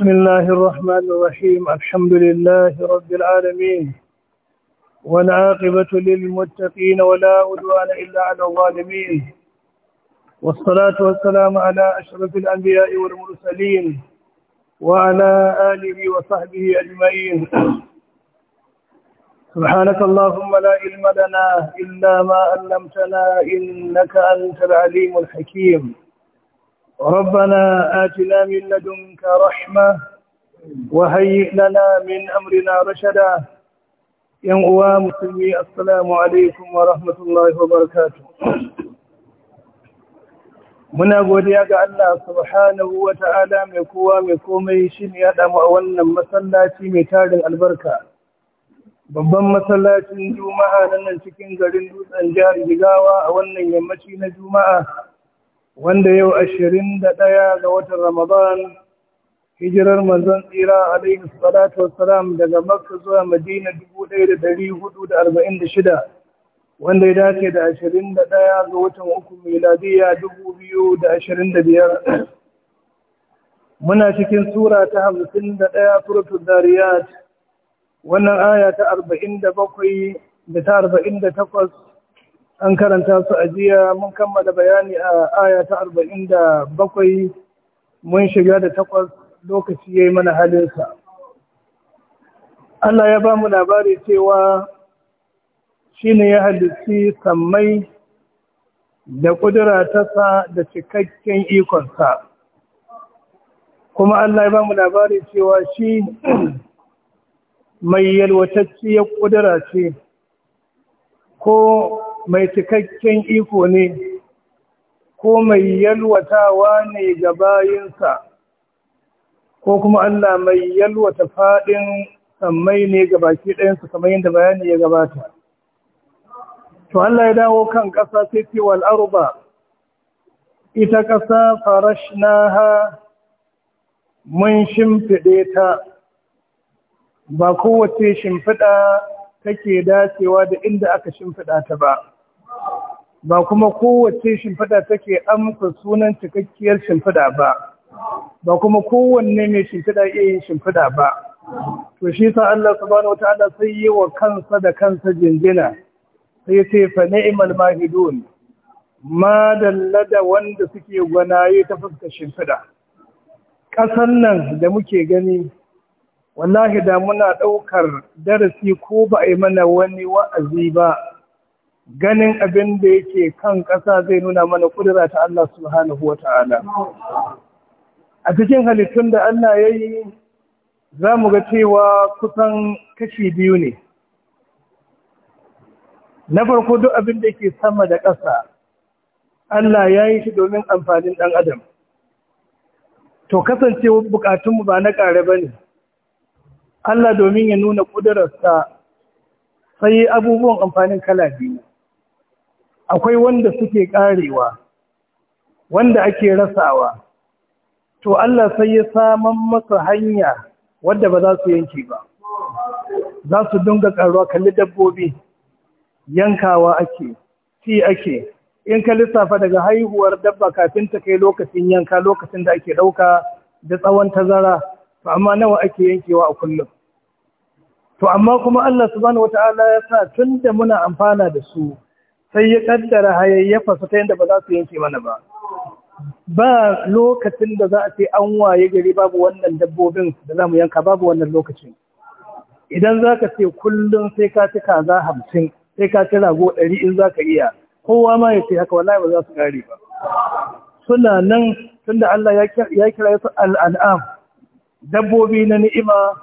بسم الله الرحمن الرحيم الحمد لله رب العالمين والعاقبة للمتقين ولا عدوان إلا على الظالمين والصلاة والسلام على أشرف الأنبياء والمرسلين وعلى آله وصحبه أجمعين سبحانك اللهم لا علم لنا إلا ما علمتنا إنك أنت العليم الحكيم ربنا آتنا من لدنك رحمة وهيئ لنا من أمرنا رشدا ينقوى مسلمي السلام عليكم ورحمة الله وبركاته muna godiya ga Allah subhanahu wa ta'ala mai kowa mai komai shi ne ya damu a wannan masallaci mai tarin albarka babban masallacin juma'a na nan cikin garin dutsen jihar jigawa a wannan yammaci na juma'a wanda yau ashirin da ɗaya ga watan Ramadan hijirar manzon tsira alaihi salatu wassalam daga Makka zuwa Madina dubu ɗaya da ɗari hudu da arba'in da shida wanda ya dace da ashirin da ɗaya ga watan uku miladiya dubu biyu da ashirin da biyar muna cikin sura ta hamsin da ɗaya suratul zariyat wannan aya ta arba'in da bakwai da ta arba'in da takwas an karanta su a jiya mun kammala bayani a aya ta arba'in da bakwai mun shiga da takwas lokaci ya yi mana halinsa Allah ya ba mu labari cewa shi ne ya halitti sammai da ƙudura sa da cikakken ikonsa kuma Allah ya ba mu labari cewa shi mai yalwatacciyar ƙudura ce ko mai cikakken iko ne ko mai yalwatawa ne ga bayinsa ko kuma Allah mai yalwata faɗin sammai ne ga baki ɗayansa kamar da bayani ya gabata. To Allah ya dawo kan ƙasa sai ce wal ba. ita ƙasa farashnaha mun shimfiɗe ta ba kowace shimfiɗa take dacewa da inda aka shimfiɗa ta ba. ba kuma kowace shimfiɗa take amsa sunan cikakkiyar shimfiɗa ba ba kuma kowanne mai shimfiɗa iya yin shimfiɗa ba to shi sa Allah subhanahu wataala sai yi wa kansa da kansa jinjina sai ce fa ni'mal mahidun ma dallada wanda suke gwanaye ta fuska shimfiɗa ƙasan nan da muke gani wallahi da muna ɗaukar darasi ko ba a yi mana wani wa'azi ba ganin abin da yake kan ƙasa zai nuna mana ƙudura ta Allah subhanahu wa ta'ala. A cikin halittun da Allah ya yi, za mu ga cewa kusan kashi biyu ne. Na farko duk abin da yake sama da ƙasa, Allah ya yi shi domin amfanin ɗan Adam. To kasance bukatunmu ba na ƙare ba ne. Allah domin ya nuna ƙudurarsa sai abubuwan amfanin kala biyu. akwai wanda suke karewa wanda ake rasawa to Allah sai ya saman masa hanya wadda ba za su yanke ba za su dinga karuwa kalli dabbobi yankawa ake ci ake in ka lissafa daga haihuwar dabba kafin ta kai lokacin yanka lokacin da ake ɗauka da tsawon tazara to amma nawa ake yankewa a kullum to amma kuma Allah subhanahu wataala ya sa tunda muna amfana da su sai ya kaddara hayayyafa su ta yadda ba za su yanke mana ba ba lokacin da za a ce an waye gari babu wannan dabbobin da za mu yanka babu wannan lokacin idan za ka ce kullum sai ka ci kaza hamsin sai ka ci rago ɗari in za ka iya kowa ma ya ce haka wallahi ba za su ƙare ba suna nan tunda Allah ya kira su al'an'am dabbobi na ni'ima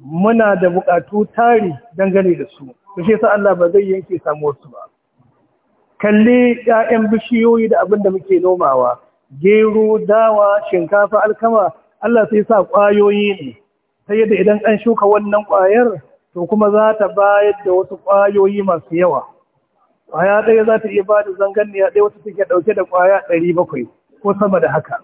muna da buƙatu tari dangane da su to shi sa Allah ba zai yanke samuwar su ba kalli 'ya'yan bishiyoyi da abin da muke nomawa gero dawa shinkafa alkama Allah sai sa ƙwayoyi ne Sai da idan an shuka wannan ƙwayar to kuma za ta bayar da wasu ƙwayoyi masu yawa ƙwaya ɗaya za ta iya ba da zanganniya ɗaya wata take ɗauke da ƙwaya ɗari bakwai ko sama da haka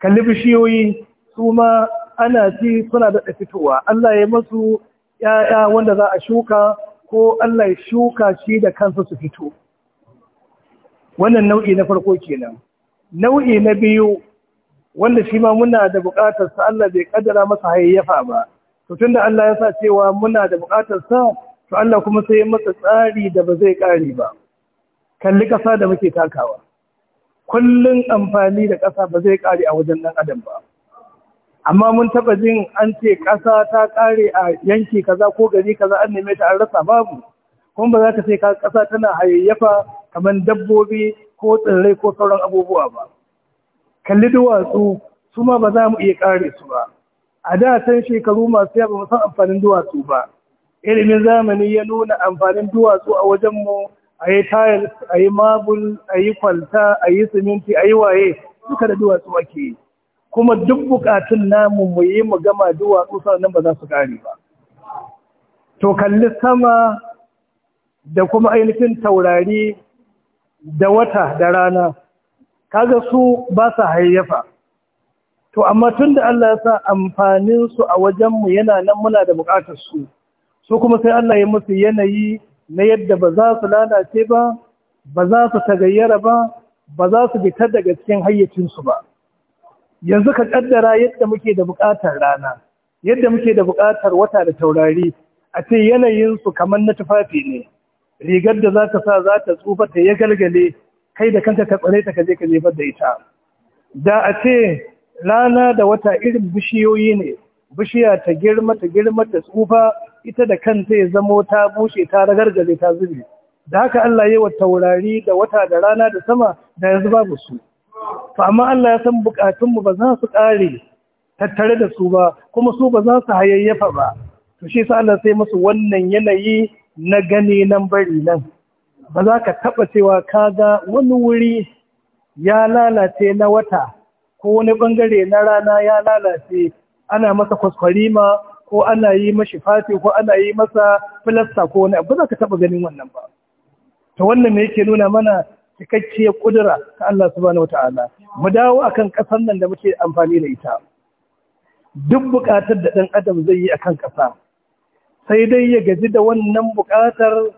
kalli bishiyoyi su ma ana ci suna daɗa fitowa Allah ya masu ‘ya'ya wanda za a shuka ko Allah ya shuka shi da kansa su fito. wannan nau'i na farko kenan nau'i na biyu wanda shi ma muna da buƙatar sa Allah bai kaddara masa hayyafa ba to tunda Allah ya sa cewa muna da buƙatar sa to Allah kuma sai masa tsari da ba zai ƙare ba kalli ƙasa da muke takawa kullun amfani da ƙasa ba zai ƙare a wajen ɗan adam ba amma mun taɓa jin an ce ƙasa ta ƙare a yanki kaza ko gari kaza an neme ta an rasa babu kuma ba za ka ce ƙasa tana hayayyafa kamar dabbobi ko tsirrai ko sauran abubuwa ba kalli duwatsu su ma ba za mu iya kare su ba a da san shekaru masu yawa mu san amfanin duwatsu ba ilimin zamani ya nuna amfanin duwatsu a wajenmu a yi tiles a yi mabul a yi kwalta a yi siminti a yi waye duka da duwatsu ake yi kuma duk bukatun namu mu yi mu gama duwatsu sannan ba za su kare ba to kalli sama da kuma ainihin taurari da wata da rana kaga su ba su hayyafa to amma tunda Allah ya sa amfanin su a wajen mu yana nan muna da bukatar su su kuma sai Allah ya musu yanayi na yadda ba za su lalace ba ba za su tagayyara ba ba za su fita daga cikin hayyacin su ba yanzu ka kaddara yadda muke da bukatar rana yadda muke da bukatar wata da taurari a ce yanayin su kamar na tufafi ne rigar da za ka sa za ta tsufa ta ya galgale kai da kanka ka tsare ta kaje ka jefar da ita da a ce rana da wata irin bishiyoyi ne bishiya ta girma ta girma ta tsufa ita da kanta ya zamo ta bushe ta ragargaje ta zube da haka Allah ya wa taurari da wata da rana da sama da yanzu babu su to amma Allah ya san bukatunmu ba za su ƙare tattare da su ba kuma su ba za su hayayyafa ba to shi sa Allah sai musu wannan yanayi na gani nan bari nan ba za ka taɓa cewa ka ga wani wuri ya lalace na wata ko wani ɓangare na rana ya lalace ana masa kwaskwarima ko ana yi mashi fati ko ana yi masa filasta ko wani abu za ka taɓa ganin wannan ba ta wannan ne yake nuna mana cikakkiyar ƙudura? ta Allah subhanahu wata'ala mu dawo a kan ƙasar nan da muke amfani da ita duk buƙatar da ɗan adam zai yi akan ƙasa sai dai ya gaji da wannan buƙatar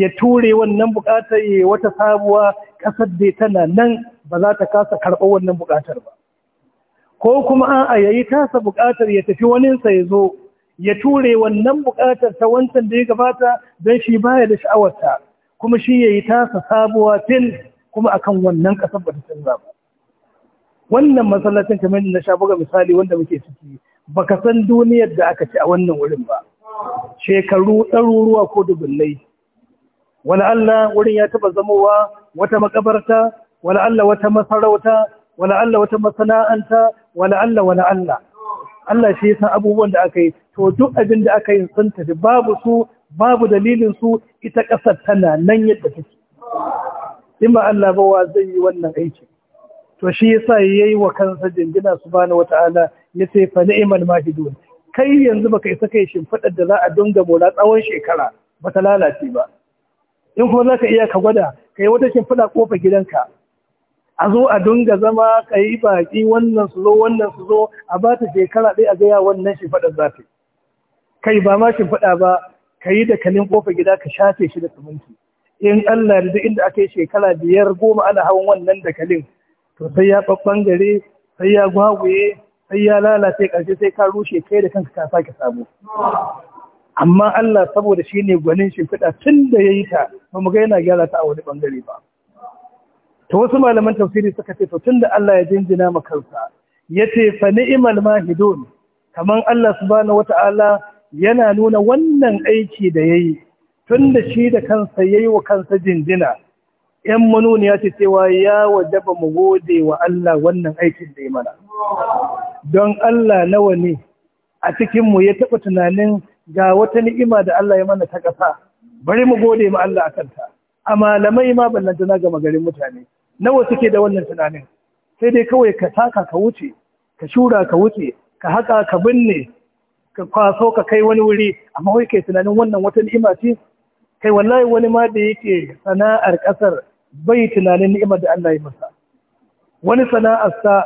ya ture wannan buƙatar ya wata sabuwa ƙasar da tana nan ba za ta kasa karɓar wannan buƙatar ba ko kuma a'a yayi tasa buƙatar ya tafi waninsa ya zo ya ture wannan buƙatar ta wancan da ya gabata don shi baya da sha'awarta kuma shi ya yi tasa sabuwa fil kuma akan wannan ƙasar ba ta canza ba wannan masallacin kamar na sha buga misali wanda muke ciki baka san duniyar da aka ci a wannan wurin ba shekaru ɗaruruwa ko dubullai wani Allah wurin ya taɓa zamowa wata makabarta wani Allah wata masarauta wani Allah wata masana'anta wani Allah wani Allah Allah shi san abubuwan da aka yi to duk abin da aka yi sun tafi babu su babu dalilin su ita ƙasar tana nan yadda take in ba Allah bawa wa zai yi wannan aiki to shi yasa yayi wa kansa jingina subhanahu wataala yace fa ni'mal mahidun kai yanzu baka isa kai shimfiɗar da za a dinga mola tsawon shekara ba ta lalace ba in kuma za ka iya ka gwada ka yi wata shimfiɗa ƙofa gidanka a zo a dinga zama ka yi baƙi wannan su zo wannan su zo a ba ta shekara ɗaya a gaya wannan shimfiɗar za ta kai ba ma shimfiɗa ba ka yi dakalin ƙofa gida ka shafe shi da siminti in Allah da inda aka yi shekara biyar goma ana hawan wannan da kalin, to sai ya babban gare sai ya gwagwaye sai ya lalace ƙarshe sai ka rushe kai da kanka ka sake samu amma Allah saboda shi ne gwanin shimfiɗa tun da ya yi ta ba mu ga yana gyara ta a wani ɓangare ba ta wasu malaman tafsiri suka ce to tun da Allah ya jinjina ma kansa ya ce fa ni'mal mahidun kaman Allah subhanahu wata'ala yana nuna wannan aiki da yayi tun da shi da kansa yayi wa kansa jinjina ‘yan manuniya ce cewa ya wajaba mu gode wa Allah wannan aikin da ya mana. Don Allah nawa ne a cikinmu ya taɓa tunanin ga wata ni'ima da Allah ya mana ta ƙasa, bari mu gode ma Allah a kanta. A malamai ma ballantana ga magarin mutane, nawa suke da wannan tunanin, sai dai kawai ka taka ka wuce, ka shura ka wuce, ka haƙa ka binne, ka kwaso ka kai wani wuri amma wai kai tunanin wannan wata ni'ima ce kai wallahi wani ma da yake sana'ar ƙasar. bai tunanin ni'imar da Allah ya masa wani sana'arsa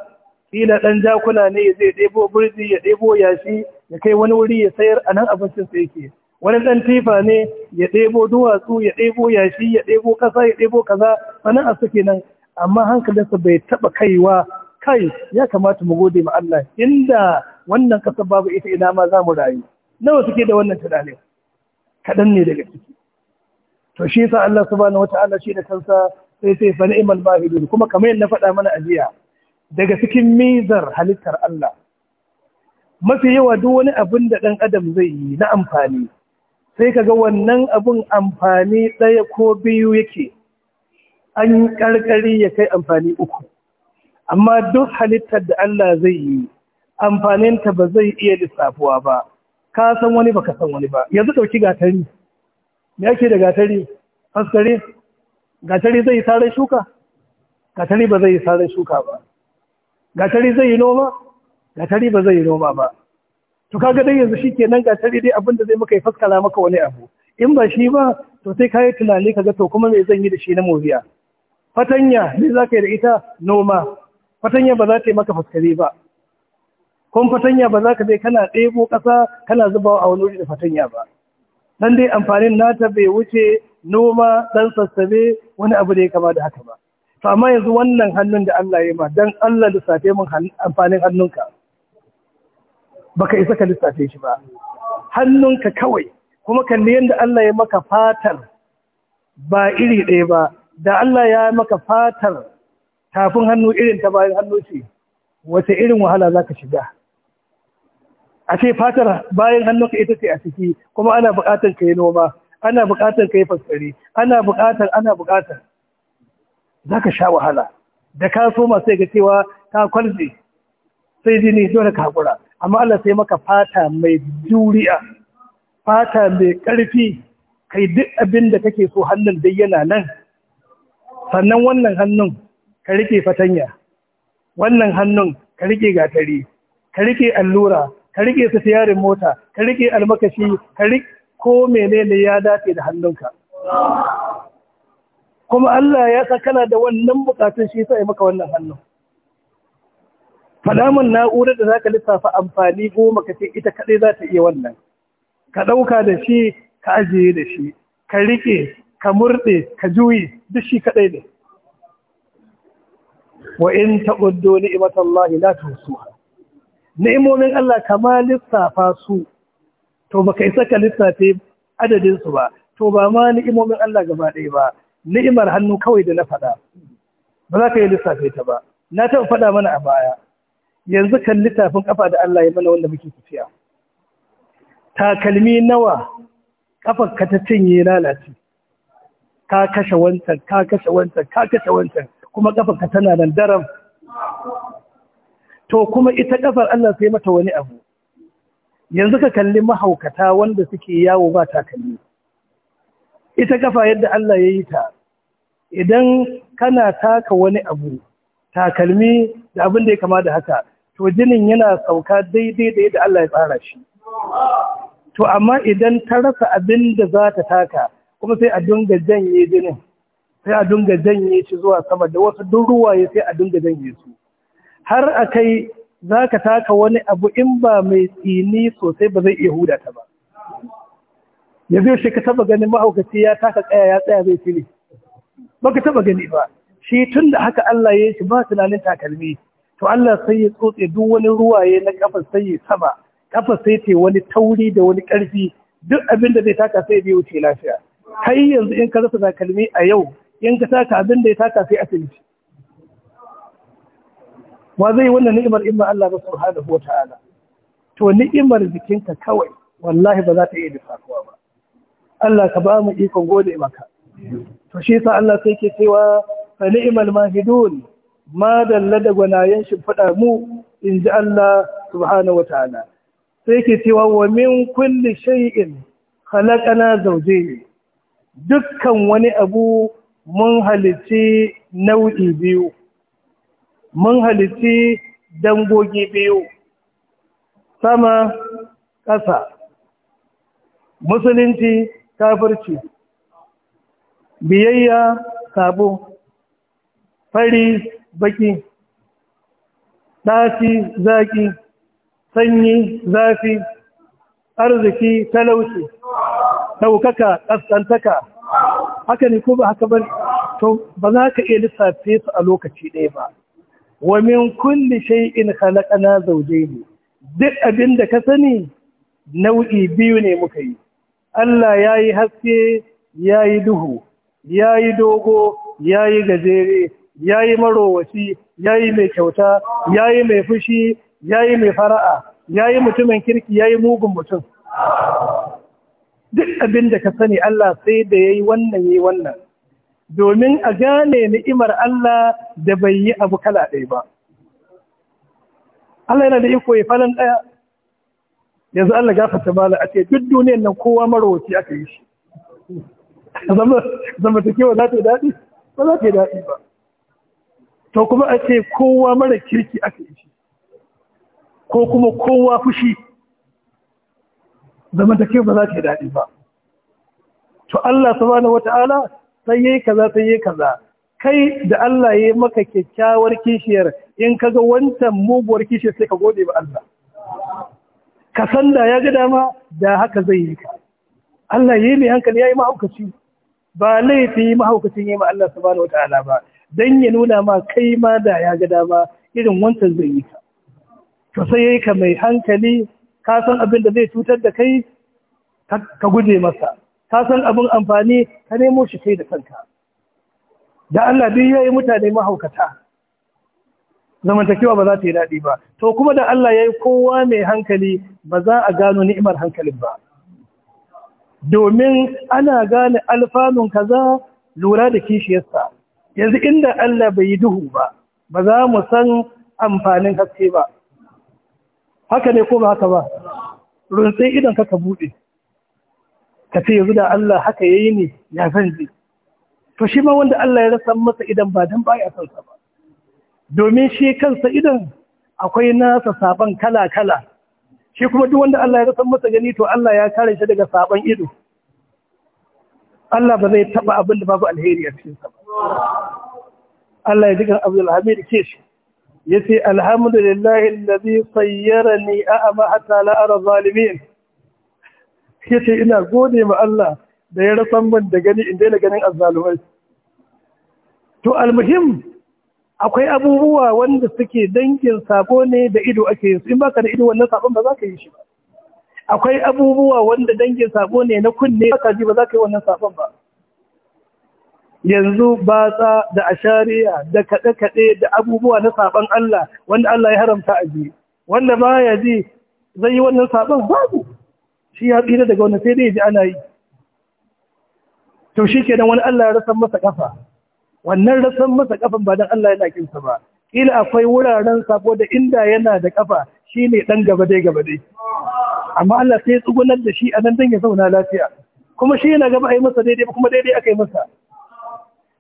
kila ɗan jakuna ne zai ɗebo burji ya ɗebo yashi ya kai wani wuri ya sayar a nan abincin sa yake wani ɗan tifa ne ya ɗebo duwatsu ya ɗebo yashi ya ɗebo ƙasa ya ɗebo kaza Sana'arsa su kenan amma hankalinsa bai taɓa kaiwa kai ya kamata mu gode ma Allah inda wannan ƙasar babu ita ina ma zamu rayu nawa suke da wannan tunanin kaɗan ne daga ciki to shi sa Allah subhanahu wata'ala shi da kansa sai sai fa ni'mal mahidun kuma kamar yadda na faɗa mana a jiya daga cikin mizar halittar Allah mafi yawa duk wani abin da dan adam zai yi na amfani sai kaga wannan abun amfani ɗaya ko biyu yake an ƙarƙari ya kai amfani uku amma duk halittar da Allah zai yi amfaninta ba zai iya lissafuwa ba ka san wani ba ka san wani ba yanzu ɗauki gatari me ake da gatari askare gatari zai sare shuka gatari ba zai sare shuka ba gatari zai yi noma gatari ba zai yi noma ba to kaga dai yanzu shikenan gatari dai abin da zai maka ya faskara maka wani abu in ba shi ba to sai kayi tunani kaga to kuma me zan yi da shi na moriya fatanya ne za ka yi da ita noma fatanya ba za ta yi maka faskare ba kuma fatanya ba za ka je kana ɗebo ƙasa kana zubawa a wani wuri da fatanya ba dan dai amfanin nata bai wuce noma dan sassabe wani abu da ya kama da haka ba to amma yanzu wannan hannun da Allah ya ma dan Allah lissafe mun amfanin hannunka baka isa ka lissafe shi ba hannunka kawai kuma kalli yanda Allah ya maka fatar ba iri ɗaya ba da Allah ya maka fatar tafin hannu irin ta bayan hannu ce wace irin wahala za ka shiga a ce fatar bayan hannun ka ita ce a ciki kuma ana buƙatar ka yi noma ana buƙatar ka yi fasfari, ana buƙatar ana buƙatar za ka sha wahala da ka soma sai ga cewa ta kwalbe, sai jini dole ka haƙura amma Allah sai maka fata mai juriya fata mai ƙarfi kai duk abin da kake so hannun dai yana nan sannan wannan hannun ka rike fatanya wannan hannun ka rike gatari ka rike allura ka rike su tiyarin mota ka rike almakashi ka rike ko menene ya dace da hannunka kuma Allah ya sa kana da wannan bukatun shi sai maka wannan hannun falamun na'urar da zaka lissafa amfani goma ka ce ita kaɗai za ta iya wannan ka ɗauka da shi ka ajiye da shi ka rike ka murde ka juyi duk shi kadai ne wa in taquddu ni'matallahi la tuhsuha ni'imomin Allah kama lissafa su to baka isa ka lissafe adadin ba to ba ma ni'imomin Allah gaba ɗaya ba ni'imar hannu kawai da na faɗa ba za ka yi lissafe ta ba na taɓa faɗa mana a baya yanzu kan littafin kafa da Allah ya mana wanda muke tafiya takalmi nawa kafa ka ta cinye lalace ka kashe wancan ka kashe wancan ka kashe wancan kuma kafa ka tana nan daram to kuma ita kafar Allah sai mata wani abu yanzu ka kalli mahaukata wanda suke yawo ba takalmi ita kafa yadda Allah ya yi ta idan kana taka wani abu takalmi da abin da ya kama da haka to jinin yana sauka daidai da yadda Allah ya tsara shi to amma idan ta rasa abin da za ta taka kuma sai a dunga janye jinin sai a dunga janye shi zuwa sama da wasu duk ruwaye sai a dunga janye su har a kai za ka taka wani abu in ba mai tsini sosai ba zai iya huda ta ba yanzu shi ka taba ganin mahaukaci ya taka kaya ya tsaya zai fili ba ka taba gani ba shi tun da haka Allah ya shi ba tunanin takalmi to Allah sai ya tsotse duk wani ruwaye na kafar sai ya saba kafar sai ta wani tauri da wani karfi duk abin da zai taka sai biyu ce lafiya kai yanzu in ka rasa takalmi a yau in ka taka abin da ya taka sai asibiti wa zai wannan ni'imar in Allah ba subhanahu wa ta'ala to ni'imar jikinka kawai wallahi ba za ta iya lissafuwa ba Allah ka ba mu ikon gode maka to shi yasa Allah sai ke cewa fa ni'mal mahidun ma dalla da gwanayen shi fada mu in ji Allah subhanahu wa ta'ala sai ke cewa wa min kulli shay'in khalaqana zawjayn dukkan wani abu mun halicci nau'i biyu mun halitti dangogi biyu sama ƙasa musulunci kafirci biyayya sabo fari baki ɗaci zaƙi, sanyi zafi arziki talauci ɗaukaka ƙasƙantaka haka ne ko ba haka ba to ba za ka iya lissafe su a lokaci ɗaya ba wa min kulli shay'in khalaqana zawjayn duk abin da ka sani nau'i biyu ne muka yi Allah yayi haske yayi duhu yayi dogo yayi gajere yayi marowaci yayi mai kyauta yayi mai fushi yayi mai fara'a yayi mutumin kirki yayi mugun mutum duk abin da ka sani Allah sai da yayi wannan yayi wannan domin a gane ni'imar Allah da bai yi abu kala ɗaya ba. Allah yana da iko ya falon ɗaya, yanzu Allah ta mala a ce duk duniyan nan kowa marowaci aka yi shi. Zama ta kewa za ta yi daɗi? Ba za ta yi daɗi ba. To kuma a ce kowa mara kirki aka yi shi, ko kuma kowa fushi, zama ta kewa ba za ta yi daɗi ba. To Allah subhanahu wa ta'ala sai yi kaza sai yi kaza kai da Allah ya maka kyakkyawar kishiyar in ka ga wancan muguwar kishiyar sai ka gode ba Allah ka san da ya ga dama da haka zai yi ka Allah ya yi mai hankali ya yi mahaukaci ba laifi mahaukacin ya yi ma Allah subhanahu wataala ba dan ya nuna ma kai ma da ya ga dama irin wancan zai yi ka to sai yi ka mai hankali ka san abin da zai cutar da kai ka guje masa ka san abin amfani ka nemo shi kai da kanka da Allah duk yayi mutane mahaukata zamantakewa ba za ta yi daɗi ba to kuma da Allah yayi kowa mai hankali ba za a gano ni'imar hankalin ba domin ana gane alfanun kaza lura da kishiyarsa yanzu inda Allah bai yi duhu ba ba za mu san amfanin haske ba haka ne ko ba haka ba runtse idan kaka buɗe ka yanzu da Allah haka yayi ne ya san ji to shi ma wanda Allah ya rasa masa idan ba dan baya san ba domin shi kansa idan akwai nasa saban kala kala shi kuma duk wanda Allah ya rasa masa gani to Allah ya kare shi daga saban ido Allah ba zai taba abin da babu alheri a cikin sa Allah ya jikan Abdul Hamid ke shi yace alhamdulillahi alladhi sayyarani a'ama hatta la ara zalimin ya ce ina gode ma Allah da ya rasan man da gani in daina ganin azzalumai to almuhim akwai abubuwa wanda suke dangin sabo ne da ido ake yin su in baka da ido wannan sabon ba za ka yi shi ba akwai abubuwa wanda dangin sabo ne na kunne baka ji ba za ka yi wannan sabon ba yanzu batsa da ashariya da kaɗe-kaɗe da abubuwa na sabon Allah wanda Allah ya haramta a ji wanda ba ya ji zai yi wannan sabon? babu shi ya tsira daga wani sai dai ji ana yi to shi nan wani Allah ya rasan masa kafa wannan rasan masa ƙafan ba don Allah yana kinsa ba kila akwai wuraren sako da inda yana da kafa shine ɗan gaba dai gaba dai amma Allah sai tsugunar da shi a nan don ya zauna lafiya kuma shi yana gaba yi masa daidai kuma daidai aka yi masa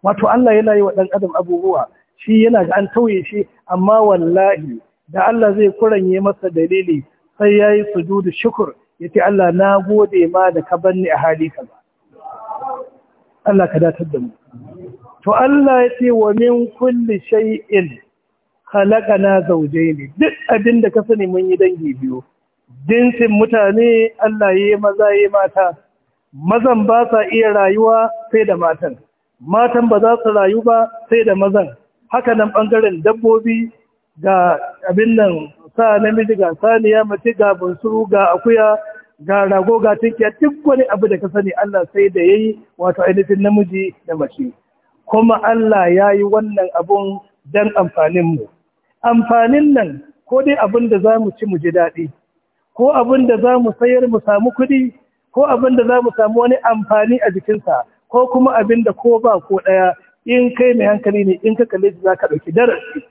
wato Allah yana yi wa ɗan adam abubuwa shi yana ga an tauye shi amma wallahi da Allah zai kuranye masa dalili sai ya yayi sujudu shukur. ya Allah na gode ma da ka banni a hali ka ba Allah ka datar da mu to Allah ya ce wa min kulli shay'in khalaqana zawjayn duk abin da ka sani mun yi dangi biyu jinsin mutane Allah ya yi maza ya mata mazan ba sa iya rayuwa sai da matan matan ba za su rayu ba sai da mazan haka nan ɓangaren dabbobi ga abin nan sa namiji ga saniya mace ga bunsuru ga akuya ga rago ga tunkiya duk wani abu da ka sani Allah sai da ya yi wato ainihin namiji da mace kuma Allah ya yi wannan abun don amfanin mu amfanin nan ko dai abin da za mu ci mu ji daɗi ko abin da za mu sayar mu samu kuɗi ko abin da za mu samu wani amfani a jikinsa ko kuma abin da ko ba ko ɗaya in kai mai hankali ne in ka kalli za ka ɗauki darasi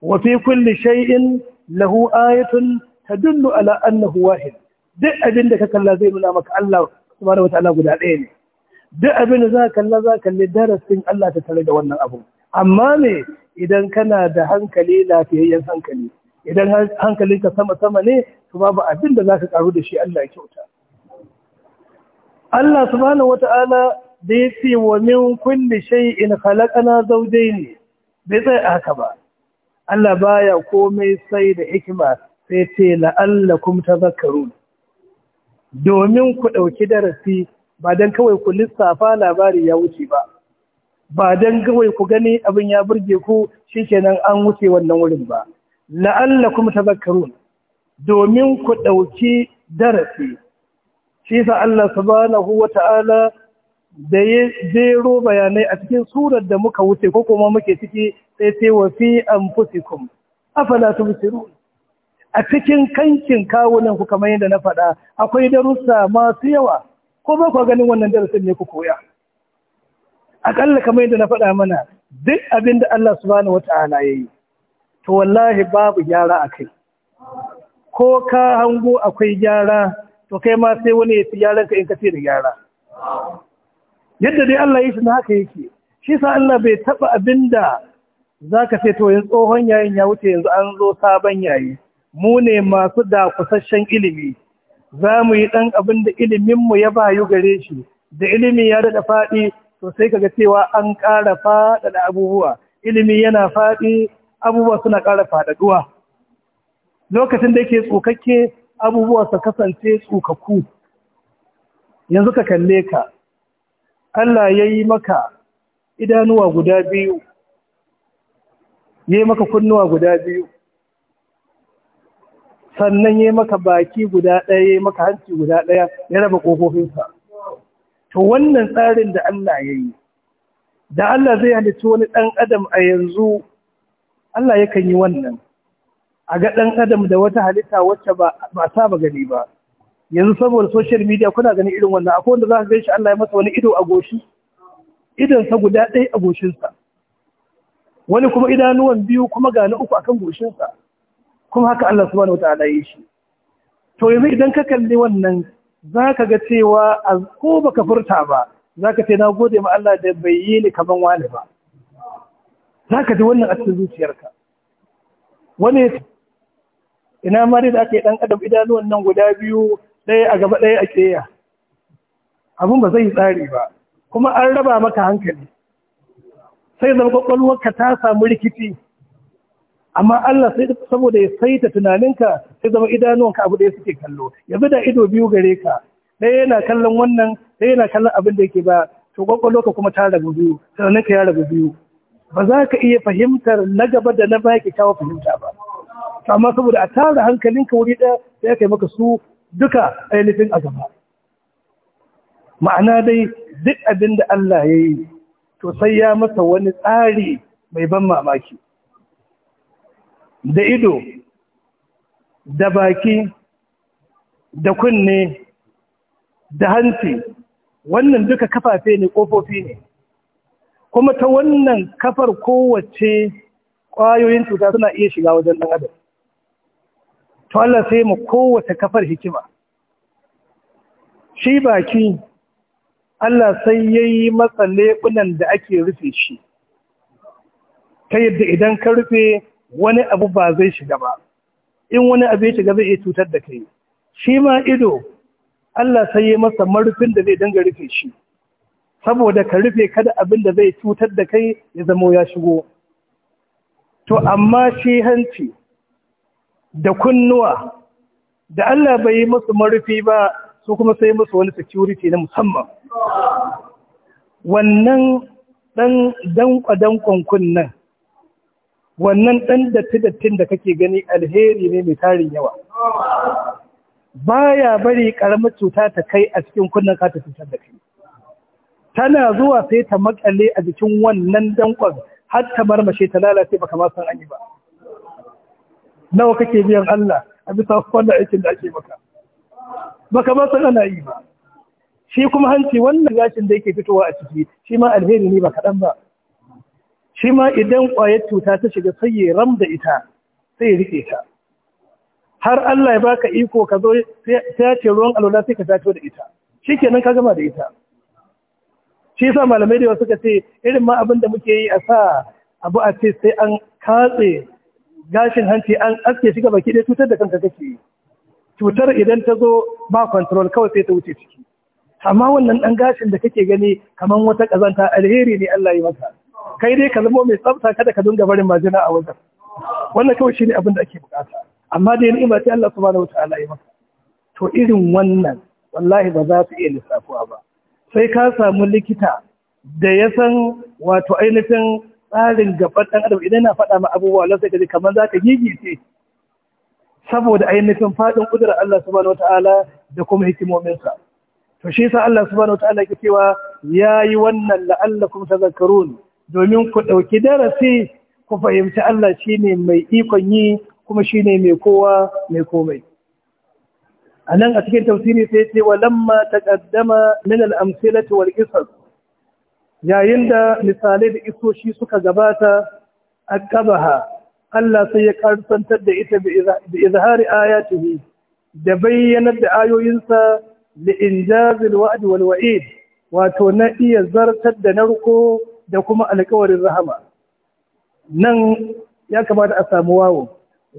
wa fi kulli shay'in lahu ayatun tadullu ala annahu wahid duk abin da ka kalla zai nuna maka Allah subhanahu wataala guda ɗaya ne duk abin da za ka kalla za ka kalli darasin Allah ta tare da wannan abu amma me idan kana da hankali lafiyayyen hankali idan ka sama sama ne to babu abin da za ka karu da shi Allah ya kyauta Allah subhanahu wataala da ya ce wa min kulli shay'in khalaqana zawjayn bai tsaya haka ba Allah baya komai sai da hikima sai ce la'allakum tadhakkarun domin ku ɗauki darasi ba don kawai ku lissafa labari ya wuce ba ba don kawai ku gani abin ya burge ku shi shikenan an wuce wannan wurin ba La'alla kuma ta zakaru domin ku ɗauki darasi shi sa Allah subhanahu ta'ala da ya jero bayanai a cikin surar da muka wuce ko kuma muke ciki sai sai wa fi anfusikum afala tubsirun a cikin kankin kawunan ku kamar yadda na faɗa akwai darussa masu yawa ko ba ku ganin wannan darasin ne ku koya akalla kamar yadda na faɗa mana duk abin da Allah subhanahu wata'ala yayi to wallahi babu gyara akai ko ka hango akwai gyara to kai ma sai wani ya fi gyaran ka in ka ce da gyara yadda dai Allah ya shi na haka yake shi sa Allah bai taba abinda zaka ce to yanzu tsohon yayin ya wuce yanzu an zo sabon yayi mu ne masu da kusasshen ilimi za mu yi ɗan abin da iliminmu ya bayu gare shi da ilimi ya daɗa faɗi sosai kaga cewa an ƙara faɗaɗa abubuwa ilimi yana faɗi abubuwa suna ƙara faɗaɗuwa lokacin da yake tsokakke abubuwa su kasance tsukaku. yanzu ka kalle ka Allah ya yi maka idanuwa guda biyu ya yi maka kunnuwa guda biyu sannan ya maka baki guda ɗaya ya maka hanci guda ɗaya ya raba ƙofofinsa to wannan tsarin da Allah ya yi da Allah zai halicci wani ɗan adam a yanzu Allah yakan yi wannan a ga ɗan adam da wata halitta wacce ba a saba gani ba yanzu saboda social media kuna ganin irin wannan akwai wanda za ka gan shi Allah ya masa wani ido a goshi idonsa guda ɗaya a goshinsa wani kuma idanuwan biyu kuma ga uku akan goshinsa kuma haka Allah subhanahu wataala yi shi to yanzu idan ka kalli wannan zaka ga cewa ko baka furta ba zaka ce na gode ma Allah da bai yi ni kaman wani ba zaka ji wannan a cikin zuciyarka wani ina ma da aka yi dan adam idanuwan nan guda biyu ɗaya a gaba ɗaya a keya Abun ba zai tsari ba kuma an raba maka hankali sai zama ka ta samu rikici amma Allah sai saboda ya saita tunaninka sai zama idanuwanka abu ɗaya suke kallo yanzu da ido biyu gare ka ɗaya yana kallon wannan ɗaya yana kallon abin da yake ba to ka kuma ta rabu biyu tunaninka ya rabu biyu ba za ka iya fahimtar na gaba da na baya kawo fahimta ba amma saboda a tara hankalinka wuri ɗaya sai ya kai maka su duka ainihin a ma'ana dai duk abin da Allah ya yi to sai ya masa wani tsari mai ban mamaki da ido da baki da kunne da hanci wannan duka kafafe ne ƙofofi ne kuma ta wannan kafar kowace ƙwayoyin cuta suna iya shiga wajen ɗan adam to Allah sai mu kowace kafar hikima shi baki Allah sai yayi matsa leɓunan da ake rufe shi ta yadda idan ka rufe wani abu ba zai shiga ba in wani abu ya shiga zai iya cutar da kai shi ma ido Allah sai ya masa marufin da zai danga rufe shi saboda ka rufe kada abin da zai cutar da kai ya zamo ya shigo to amma shi hanci da kunnuwa da Allah bai yi masa marufi ba su kuma sai masa wani security na musamman wannan dan danƙwa-danƙon kunnen wannan ɗan datti-dattin da kake gani alheri ne mai tarin yawa Ba ya bari ƙaramar cuta ta kai a cikin kunnen kata cutar da kai tana zuwa sai ta makale a jikin wannan dankon har ta marmashe ta lalace baka ma san an yi ba nawa kake biyan Allah a bisa wannan aikin da ake maka baka ma san ana yi ba shi kuma hanci wannan gashin da yake fitowa a ciki shi ma alheri ne ba kaɗan ba shi ma idan ƙwayar cuta ta shiga sai yi ram da ita sai ya ta har Allah ya baka iko ka zo ya ce ruwan alwala sai ka tato da ita shi nan ka gama da ita shi sa malamai da ka ce irin ma abin da muke yi a sa abu a ce sai an katse gashin hanci an aske shiga baki ɗaya cutar da kanka kake cutar idan ta zo ba control kawai sai ta wuce ciki amma wannan ɗan gashin da kake gani kamar wata ƙazanta alheri ne Allah ya maka kai dai ka zama mai tsafta kada ka dinga barin majina a wajen wannan kawai shine abin da ake bukata amma dai ni'ima imati Allah subhanahu wataala ya maka to irin wannan wallahi ba za su iya lissafuwa ba sai ka samu likita da ya san wato ainihin tsarin gaban ɗan adam idan na faɗa ma abubuwa Allah sai ka ji kamar za ka gigice saboda ainihin faɗin ƙudurar Allah subhanahu wataala da kuma hikimominsa to shi yasa Allah subhanahu wataala yake cewa yayi wannan la'allakum tadhakkarun domin ku ɗauki darasi ku fahimci Allah shi ne mai ikon yi kuma shi ne mai kowa mai komai. A nan a cikin tausiri sai ce wa lamma ta ƙaddama min al'amsilati wal isar yayin da misalai da isoshi suka gabata a ƙabaha Allah sai ya karsantar da ita da izhari ayatihi da bayyanar da ayoyinsa da injazil wa'ad wal wa'id wato na iya zartar da narko da kuma alƙawarin rahama nan ya kamata a samu wawo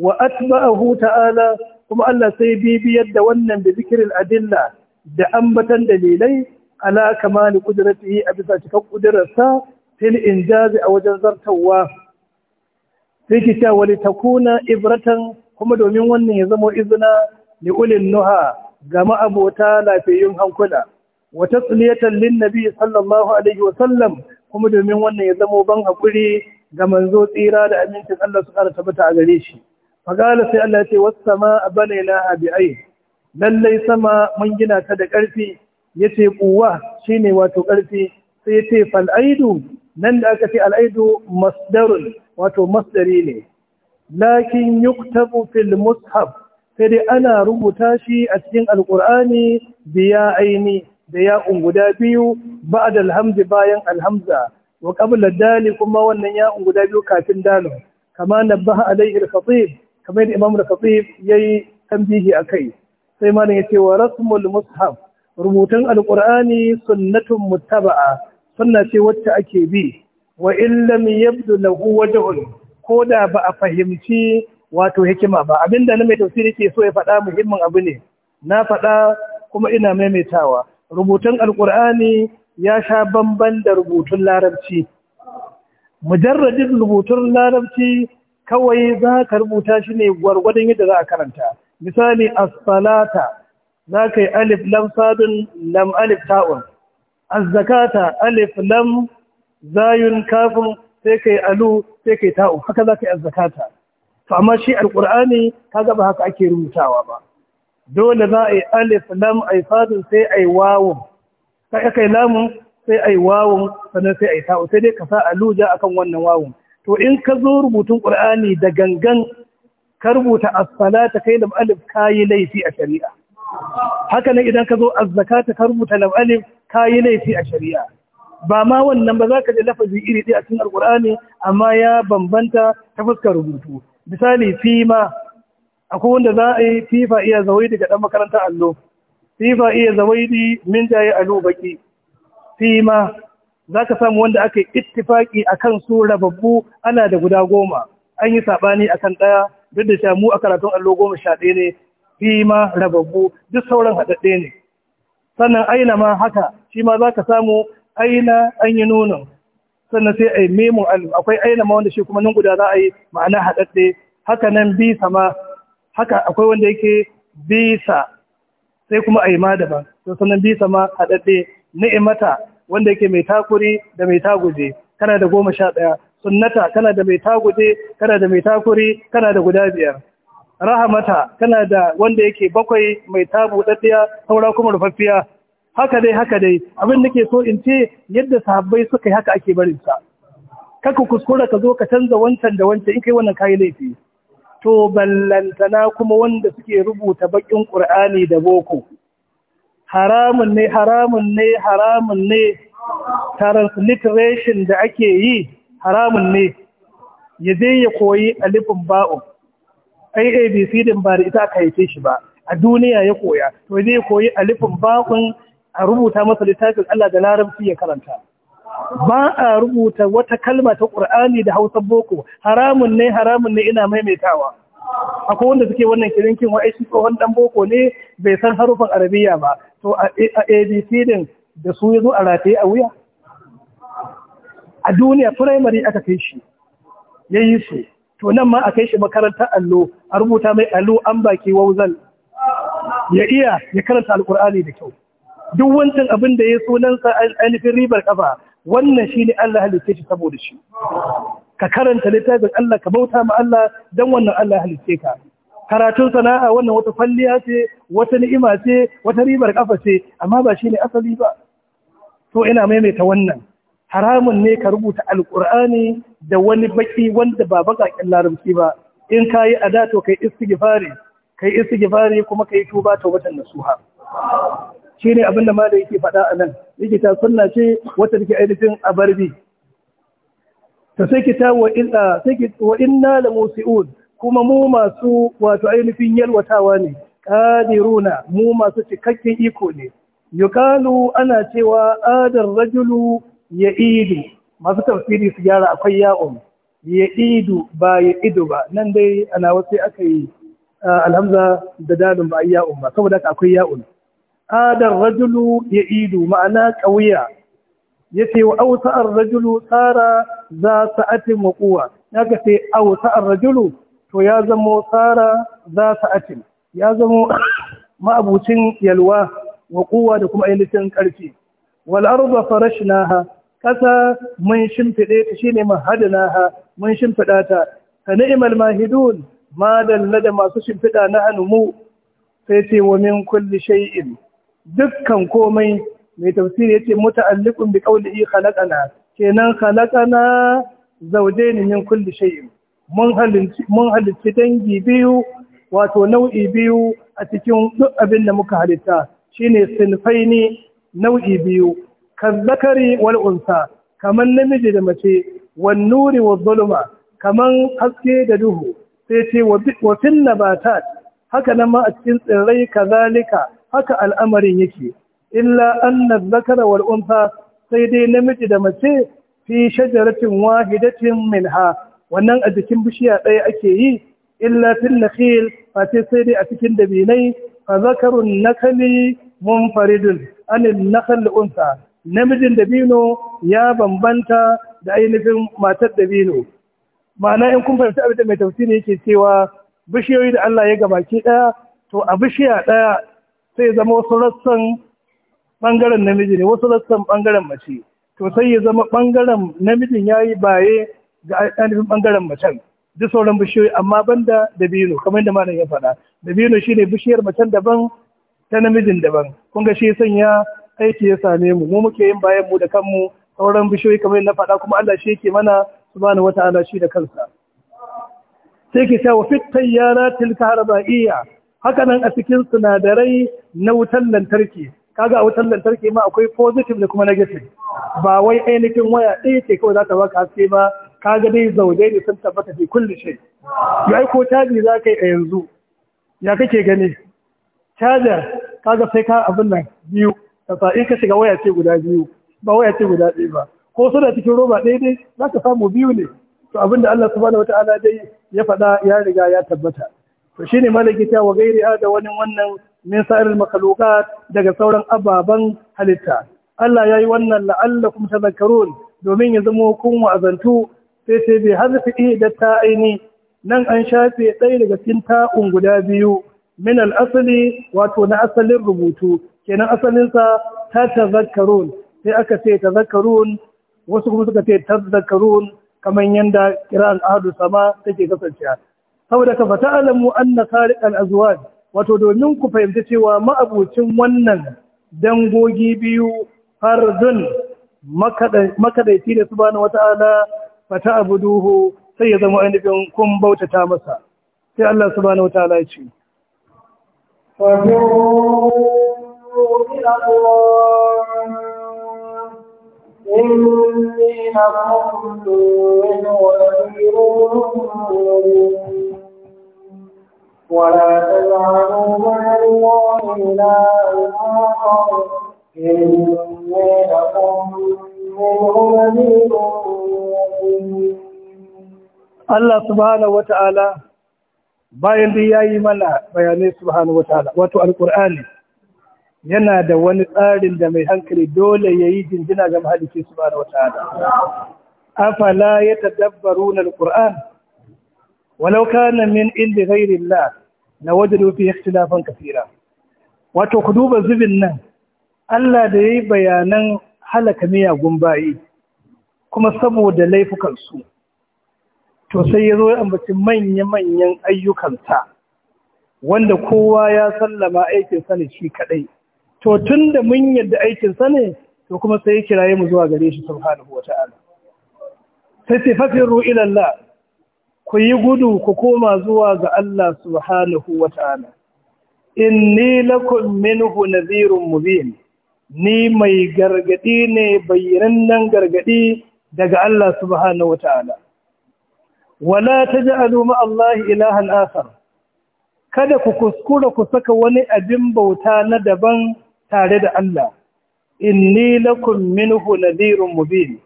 wa atba'ahu ta'ala kuma Allah sai bibiyar da wannan da zikirin adilla da ambatan dalilai ala kamali qudratihi a bisa cikan ƙudurarsa fil injazi a wajen zartawa sai ki ta wali takuna ibratan kuma domin wannan ya zama izina li ulil nuha ga ma'abota lafiyayyun hankula wa tasliyatan lin nabi sallallahu alaihi wa sallam kuma domin wannan ya zamo ban hakuri ga manzo tsira da amincin Allah su ƙara tabbata a gare shi fagala sai Allah ya ce wasama na abi ai lallai sama mun gina ta da ƙarfi yace shi shine wato ƙarfi sai yace fal aidu nan da aka ce al'aidu aidu masdarun wato masdari ne lakin yuktabu fil mushaf sai dai ana rubuta shi a cikin Alƙur'ani biya aini da ya'un guda biyu ba'ad alhamdi bayan alhamza wa qabla dali kuma wannan ya'un guda biyu kafin dalil. kama nabaha alaihi al-khatib kamar da imam al-khatib yayi tambihi akai sai malam yace wa rasmul mushaf rubutun alqur'ani sunnatun muttaba'a sunna ce wacce ake bi wa illam yabdu lahu wajhun ko da ba a fahimci wato hikima ba abinda na mai tafsiri ke so ya faɗa muhimmin abu ne na faɗa kuma ina maimaitawa rubutun alkur'ani ya sha bamban da rubutun larabci mujarradin rubutun larabci kawai za ka rubuta shi ne gwargwadon yadda za a karanta misali as-salata za ka yi alif lam sadun lam alif ta'un az-zakata alif lam zayun kafin sai ka yi alu sai ka yi ta'un haka za ka yi az-zakata to amma shi alkur'ani kaga ba haka ake rubutawa ba dole za a yi alif lam a yi fadin sai a yi wawon. sai aka yi lamun sai a yi wawon, sannan sai a yi ta'u sai dai ka sa aluja akan wannan wawon. to in ka zo rubutun qur'ani da gangan ka rubuta as ta kai lam alif yi laifi a shari'a haka nan idan ka zo az-zakata ka rubuta lam alif kayi laifi a shari'a ba ma wannan ba za ka ji lafazi iri ɗaya a cikin al'ƙur'ani amma ya bambanta ta fuskar rubutu misali fi ma akwai wanda za a yi fifa iya zawai ga ɗan makarantar allo fifa iya zawaidi min jaye allo baki fima za ka samu wanda aka yi ittifaki a kan su rababbu ana da guda goma an yi saɓani a kan ɗaya duk da cewa mu a karatun allo goma sha ɗaya ne fima rababbu duk sauran haɗaɗɗe ne sannan aina ma haka shi ma za ka samu aina an yi nunin sannan sai a yi memun akwai aina ma wanda shi kuma nan guda za a yi ma'ana haɗaɗɗe haka nan bi sama haka akwai wanda yake bisa sai kuma a yi ma daban to sannan bisa ma haɗaɗɗe ni'imata wanda yake mai takuri da mai taguje kana da goma sha ɗaya sunnata kana da mai taguje kana da mai takuri kana da guda biyar rahamata kana da wanda yake bakwai mai tabu ɗaɗɗiya saura kuma rufaffiya haka dai haka dai abin da ke so in ce yadda sahabbai suka yi haka ake barin sa kaka kuskura ka zo ka canza wancan da wancan in kai wannan kayi laifi to ballantana kuma wanda suke rubuta bakin ƙur'ani da boko haramun ne haramun ne haramun ne transliteration da ake yi haramun ne ya zai ya koyi alifin ba'o aabc din ba da ita aka haife shi ba a duniya ya koya to ya koyi alifin ba'un a rubuta masa littafin Allah da larabci ya karanta ba a rubuta wata kalma ta ƙur'ani da hausa boko haramun ne haramun ne ina maimaitawa akwai wanda suke wannan kirinkin wa aishi tsohon ɗan boko ne bai san harufan arabiya ba to a abc din da su ya zo a rataye a wuya a duniya firamare aka kai shi ya yi su to nan ma a kai shi makarantar allo a rubuta mai allo an baki wauzal ya iya ya karanta alkur'ani da kyau duk wancan abin da ya sunansa ainihin ribar kafa wannan shi ne Allah halitta shi saboda shi ka karanta littafin Allah ka bauta ma Allah don wannan Allah halitta ka karatun sana'a wannan wata kwalliya ce wata ni'ima ce wata ribar kafa ce amma ba shi ne asali ba to ina maimaita wannan haramun ne ka rubuta alkur'ani da wani baki wanda ba bakakin larabci ba in kayi ada to kai istighfari kai istighfari kuma kai tuba ta watan nasuha Shi ne abin da malai yake faɗa a nan yake ta sunna ce wata take ainihin a barbi ta sai ki ta wa inna sai ki wa inna la musiud kuma mu masu wato ainihin yalwatawa ne qadiruna mu masu cikakken iko ne yuqalu ana cewa adar rajulu ya'idu masu tafsiri su gyara akwai ya'um ya'idu ba ya'idu ba nan dai ana wasu aka yi alhamza da dalin ba ya'um ba saboda akwai ya'um adar rajulu ya idu ma'ana ƙauya ya ce wa ausa'ar rajulu tsara za sa'atin maƙuwa ya ka ce ausa'ar rajulu to ya zamo tsara za sa'atin ya zamo ma'abucin yalwa waƙuwa da kuma ainihin ƙarfi wal arda farashnaha ƙasa mun shimfiɗe ta shine mahadnaha mun shimfiɗa ta ka ni'mal mahidun ma dalla da masu shimfiɗa na hannu mu sai ce wa min kulli shay'in dukkan komai mai tafsiri yace muta'allikun bi qawlihi khalaqana kenan khalaqana ne min kulli shay'in mun halicci dangi biyu wato nau'i biyu a cikin duk abin da muka halitta shine ne, nau'i biyu kazzakari wal unsa kaman namiji da mace wan nuri wa zulma kaman haske da duhu sai ce wa fil nabatat haka nan ma a cikin tsirrai kazalika haka al'amarin yake illa anna zakara wal sai dai namiji da mace fi shajaratin wahidatin ha. wannan a jikin bishiya ɗaya ake yi illa fil nakhil fa sai dai a cikin dabinai fa zakarun nakali munfaridun anin nakhl unsa namijin dabino ya bambanta da ainihin matar dabino ma'ana in kun fahimci abin da mai tafsiri yake cewa bishiyoyi da Allah ya gabaki ɗaya to a bishiya ɗaya sai zama wasu rassan ɓangaren namiji ne wasu rassan ɓangaren mace to sai ya zama ɓangaren namijin ya yi baye ga ainihin ɓangaren macen duk sauran bishiyoyi amma banda dabino kamar yadda malam ya faɗa dabino shine bishiyar macen daban ta namijin daban kun ga shi sanya aiki ya same mu mu muke yin bayan mu da kanmu sauran bishiyoyi kamar na faɗa kuma Allah shi yake mana su subhanahu wata'ala shi da kansa sai ke wa fit tayyara tilka iya. Hakanan a cikin sinadarai na wutan lantarki kaga a wutan lantarki ma akwai positive da kuma negative ba wai ainihin waya ɗaya ce kawai za ta baka haske ba kaga dai zaune ne sun tabbata fi kulle shay ya ko caji za ka yi a yanzu ya kake gani cajar kaga sai ka abin nan biyu kasa in ka shiga waya ce guda biyu ba waya ce guda ɗaya ba ko suna cikin roba ɗaya dai za ka samu biyu ne to abinda Allah subhanahu wataala dai ya faɗa ya riga ya tabbata to shine malaki wa gairi da wani wannan min sa'iril daga sauran ababen halitta Allah ya yi wannan la'allakum tadhakkarun domin ya zama kun wa'azantu sai sai bi da ta aini. nan an shafe ɗaya daga cikin ta'un guda biyu min asali wato na asalin rubutu kenan asalinsa sa ta sai aka ce tadhakkarun wasu kuma suka ce tadhakkarun kamar yanda kiran ahadu sama take kasancewa saboda ka fata alamu anna khariq al-azwaj wato domin ku fahimci cewa ma'abocin wannan dangogi biyu har fardun makadaici da subhanahu wata'ala fata abuduhu sai ya zama ainihin kun bautata masa sai Allah su subhanahu wata'ala ya ce إني لكم من ولي ولا تجعلوا مع الله إلى آخر إني لكم منه نذير Allah subhanahu wa ta'ala bayan da ya yi mana bayanai subhanahu wa ta'ala wato alƙur'ani yana da wani tsarin da mai hankali dole ya yi jinjina ga mahalici subhanahu wa ta'ala afala ya dabbaru na alƙur'ani walau na min indi ghairillah na wajadu fi ikhtilafan kathira wato ku duba zubin nan Allah da yayi bayanan halaka miya gumbayi kuma saboda laifukan su to sai yazo ya ambaci manya-manyan ayyukansa wanda kowa ya sallama aikin sa ne shi kadai to tunda mun yadda aikin sa ne to kuma sai ya kiraye mu zuwa gare shi subhanahu wata'ala sai sai fasiru ila Allah ku yi gudu ku koma zuwa ga Allah subhanahu wa ta'ala inni lakum minhu nadhirun mubin ni mai gargadi ne bayyanannen gargadi daga Allah subhanahu wa ta'ala wala taj'alu ma Allah ilahan asar. kada ku kuskura ku saka wani abin bauta na daban tare da Allah inni lakum minhu nadhirun mubin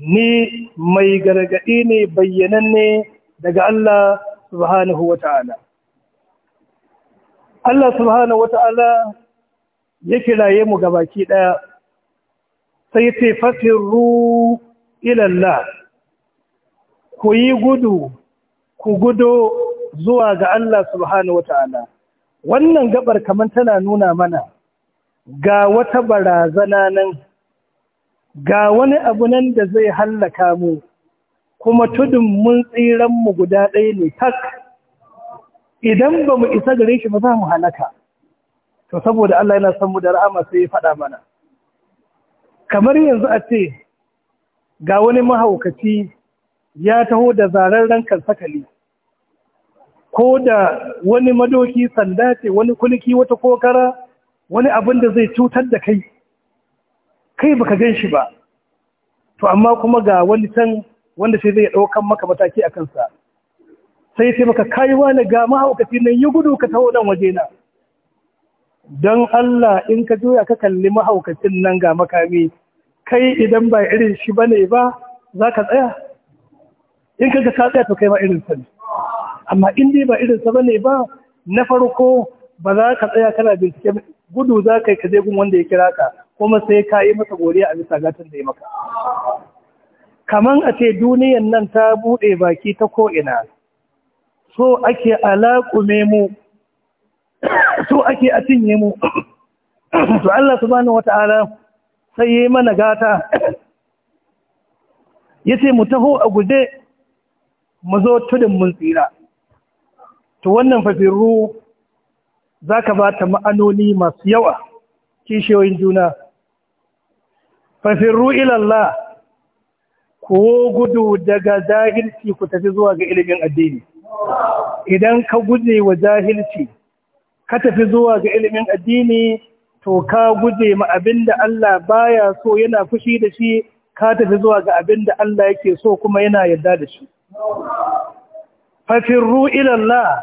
ni mai gargadi ne bayyananne daga Allah subhanahu wa ta'ala. Allah subhanahu wa ta'ala ya kiraye mu gabaki ɗaya sai ce fasiru ilallah ku yi gudu ku gudo zuwa ga Allah subhanahu wa ta'ala. Wannan gabar kamar tana nuna mana ga wata barazana nan ga wani abu nan da zai hallaka mu. kuma tudun mun tsiran mu guda ɗaya ne tak idan ba mu isa gare shi ba za mu halaka to saboda Allah yana son mu da ra'ama sai ya faɗa mana kamar yanzu a ce ga wani mahaukaci ya taho da rankan sakali ko da wani madoki sanda ce wani kuliki wata kokara wani abin da zai cutar da kai kai baka gan shi ba to amma kuma ga wani can wanda sai zai ɗaukan maka mataki a kansa sai sai maka kaiwa wani ga mahaukaci nan yi gudu ka taho nan waje na don Allah in ka juya ka kalli mahaukacin nan ga makami kai idan ba irin shi ba ne ba za ka tsaya in ka ka tsaya to kai ma irin sa ne amma in dai ba irin sa ba ne ba na farko ba za ka tsaya kana bincike gudu za ka yi ka je gun wanda ya kira ka kuma sai ka yi masa godiya a bisa gatan da ya maka kaman a ce duniyan nan ta buɗe baki ta ko'ina so ake alaƙume mu so ake a cinye mu to Allah subhanahu wata'ala sai yi mana gata ya ce mu taho a guje mu zo tudun mun tsira to wannan fafirru za ka ba ta ma'anoni masu yawa kishiyoyin juna fafirru ilallah ko gudu daga zahilci ku tafi zuwa ga ilimin addini idan ka guje wa zahilci ka tafi zuwa ga ilimin addini to ka guje ma abinda Allah baya so yana fushi da shi ka tafi zuwa ga abinda Allah yake so kuma yana yarda da shi fafirru ila Allah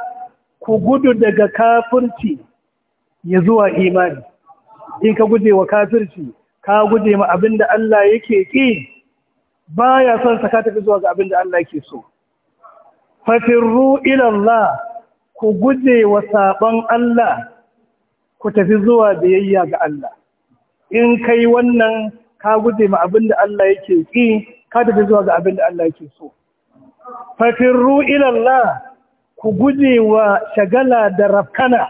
ku gudu daga kafirci ya zuwa imani in ka guje wa kafirci ka guje ma abinda Allah yake ki Ba ya son sa ka tafi zuwa ga abin da Allah ke so fafirru ila Allah ku guje wa saban Allah ku tafi zuwa biyayya ga Allah in kai wannan ka guje ma abin da Allah yake ki ka tafi zuwa ga abin da Allah yake so fafirru ila Allah ku guje wa shagala da rafkana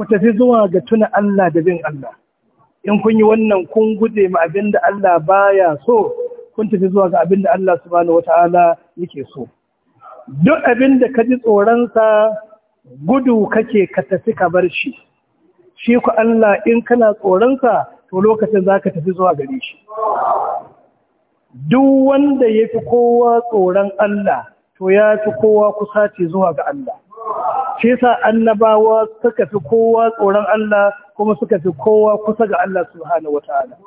ku tafi zuwa ga tuna Allah da bin Allah in kun yi wannan kun guje ma abin da Allah baya so kun tafi zuwa ga abin da Allah subhanahu wata'ala yake so duk abin da ka ji tsoronsa gudu kake ka tafi ka bar shi shi ku Allah in kana tsoronsa to lokacin za ka tafi zuwa gare shi duk wanda ya fi kowa tsoron Allah to ya fi kowa kusa ce zuwa ga Allah shi sa annabawa suka fi kowa tsoron Allah kuma suka fi kowa kusa ga Allah subhanahu wata'ala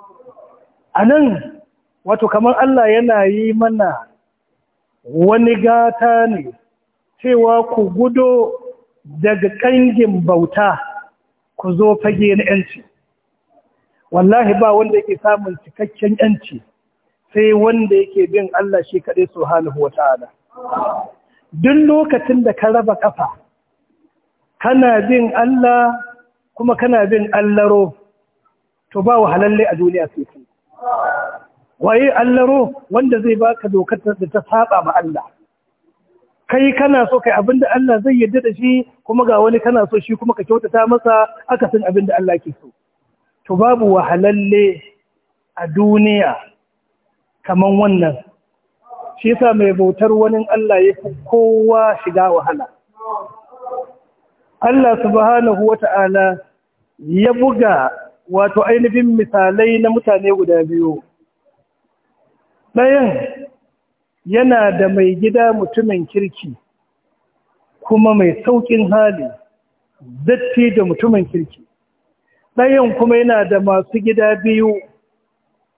a nan wato kamar Allah yana yi mana wani gata ne cewa ku gudo daga ƙangin bauta ku zo fage na ‘yanci. Wallahi ba wanda yake samun cikakken ‘yanci sai wanda yake bin Allah shi kaɗai su hannu ana. Duk lokacin da ka raba ƙafa, kana bin Allah kuma kana bin Allaro, to ba wa wahalalle a duniya sai waye allaro wanda zai baka dokar da ta saba ma Allah kai kana so kai abinda Allah zai yarda da shi kuma ga wani kana so shi kuma ka kyautata masa akasin abinda Allah ke so to babu wahalalle a duniya kaman wannan shi yasa mai bautar wani Allah ya fi kowa shiga wahala Allah subhanahu wata'ala ya buga wato ainihin misalai na mutane guda biyu ɗayan yana da mai gida mutumin kirki kuma mai sauƙin hali datti da mutumin kirki ɗayan kuma yana da masu gida biyu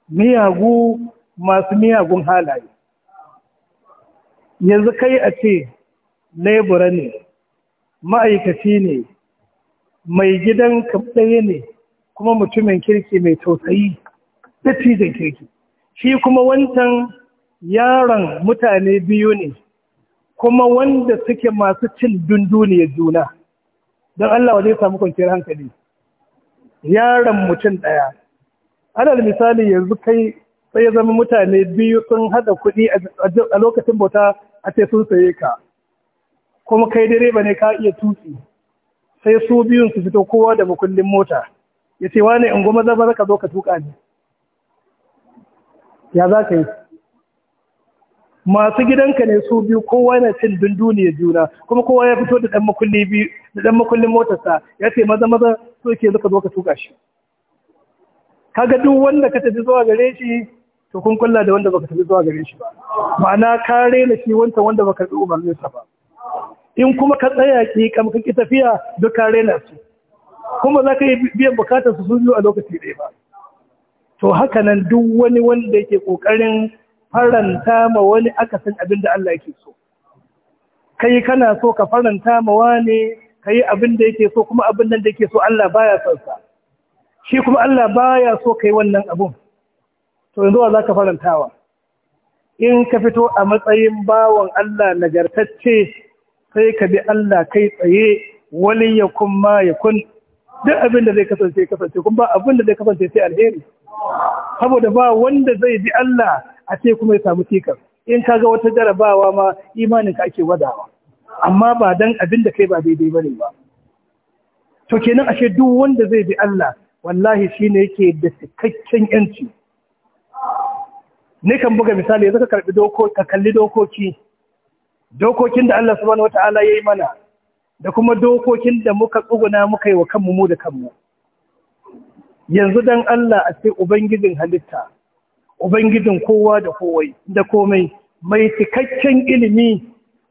miyagu masu miyagun halaye yanzu kai a ce lebura ne ma'aikaci ne mai gidan ɗaya ne kuma mutumin kirki mai tausayi dattijan kirki shi kuma wancan yaron mutane biyu ne kuma wanda suke masu cin dunduniyar juna don Allah zai samu kwanciyar hankali yaron mutum ɗaya alal misali yanzu kai sai ya zama mutane biyu sun hada kuɗi a lokacin bauta a ce sun saye ka kuma kai direba ne ka iya tutsi. sai su biyun su fito kowa da makullin mota ya ce wane in goma zama zaka zo ka tuka ne ya za ka yi masu gidanka ne su biyu kowa yana cin dunduniya juna kuma kowa ya fito da dan makullin motarsa ya ce maza maza so ke zuka zo ka tuka shi kaga duk wanda ka tafi zuwa gare shi to kun kulla da wanda baka tafi zuwa gare shi ba ma'ana ka rena shi wanda wanda baka bi umarnin sa ba in kuma ka tsaya ki kam ka tafiya duk ka rena su kuma zaka yi biyan bukatar su su biyu a lokaci ɗaya ba to haka nan duk wani wanda yake kokarin faranta ma wani akasin abin da Allah yake so kai kana so ka faranta ma wani kai abin da yake so kuma abin nan da yake so Allah baya son sa shi kuma Allah baya so kai wannan abun to yanzu wa ka farantawa in ka fito a matsayin bawon Allah nagartacce sai ka bi Allah kai tsaye waliyakum ma yakun duk abin da zai kasance kasance kuma ba abin da zai kasance sai alheri saboda ba wanda zai bi Allah a ce kuma ya samu tikas in ka ga wata jarabawa ma imanin ka ake wadawa amma ba dan abin da kai ba daidai bane ba to kenan ashe duk wanda zai bi Allah wallahi shine yake da cikakken yanci ne kan buga misali yanzu ka karbi dokoki ka kalli dokoki dokokin da Allah subhanahu wataala yayi mana da kuma dokokin da muka tsuguna muka yi wa kanmu mu da kanmu yanzu dan Allah a ce ubangijin halitta ubangijin kowa da kowai da komai mai cikakken ilimi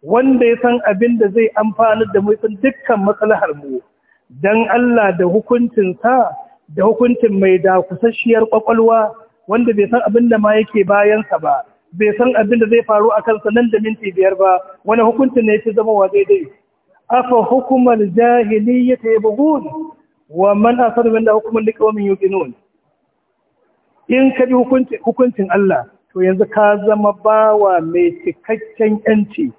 wanda ya san abin da zai amfani da mutum dukkan maslahar mu dan Allah da hukuncinsa, da hukuncin mai da kusasshiyar kwakwalwa wanda bai san abin da ma yake bayansa ba bai san abin da zai faru a kansa nan da minti biyar ba wani hukuncin ne ya fi zama wa daidai afa hukumar yi yabghun wa man asar min da hukumin da kawamin nun in ka bi hukuncin Allah to yanzu ka zama bawa mai cikakken yanci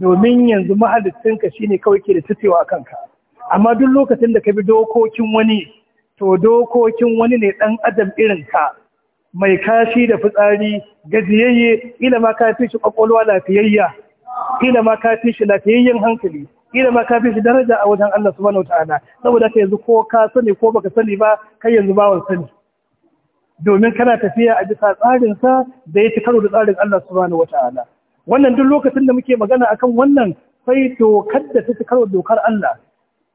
domin yanzu shi shine kawai ke da tacewa kanka amma duk lokacin da ka bi dokokin wani to dokokin wani ne dan adam irin ka mai kashi da fitsari gajiyayye ila ma ka fi shi kwakwalwa lafiyayya ila ma ka fi shi lafiyayyen hankali kila ma ka fi shi daraja a wajen Allah subhanahu wataala saboda ka yanzu ko ka sani ko baka sani ba kai yanzu bawan sani domin kana tafiya a bisa tsarin sa da ya karo da tsarin Allah subhanahu wataala wannan duk lokacin da muke magana akan wannan sai dokar da ta karo dokar Allah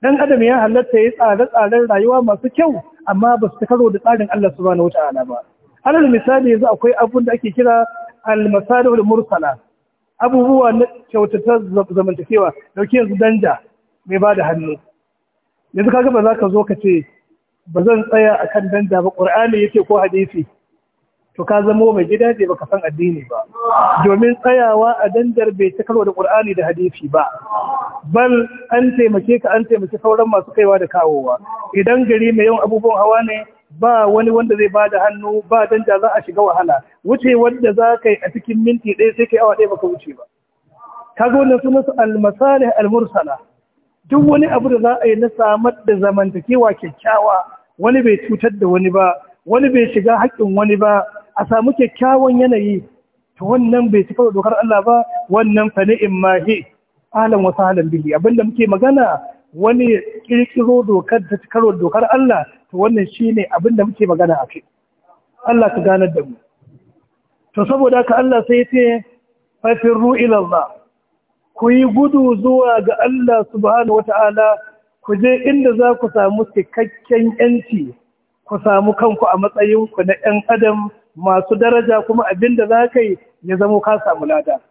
dan adam ya halatta ya tsare tsaren rayuwa masu kyau amma ba su karo da tsarin Allah subhanahu wataala ba alal misali yanzu akwai abun da ake kira al-masalihul mursala abubuwa na kyautatar zamantakewa dauke yanzu danja mai ba da hannu yanzu kaga ba za ka zo ka ce ba zan tsaya a kan danja ba ƙur'ani yake ko hadisi to ka zama mai gida ne ka san addini ba domin tsayawa a danjar bai ta karo da ƙur'ani da hadisi ba bal an taimake ka an taimake sauran masu kaiwa da kawowa idan gari mai yawan abubuwan hawa ne ba wani wanda zai ba da hannu ba danja za a shiga wahala wuce wanda za ka yi a cikin minti ɗaya sai kai awa ɗaya baka wuce ba Ka zo na sunan su almasali almursala duk wani abu da za a yi na samar da zamantakewa kyakkyawa wani bai cutar da wani ba wani bai shiga haƙƙin wani ba a samu kyakkyawan yanayi to wannan bai cika da dokar Allah ba wannan fa ni'im mahi alam wa sahlan bihi abinda muke magana wani ya kirkiro dokar ta karo dokar Allah to wannan shine abin da muke magana a kai Allah ka ganar da mu to saboda haka Allah sai ya ce fafirru ila Allah ku yi gudu zuwa ga Allah subhanahu wata'ala ku je inda za ku samu cikakken yanci ku samu kanku a matsayin ku na yan adam masu daraja kuma abin da za ka yi ya zamo ka samu lada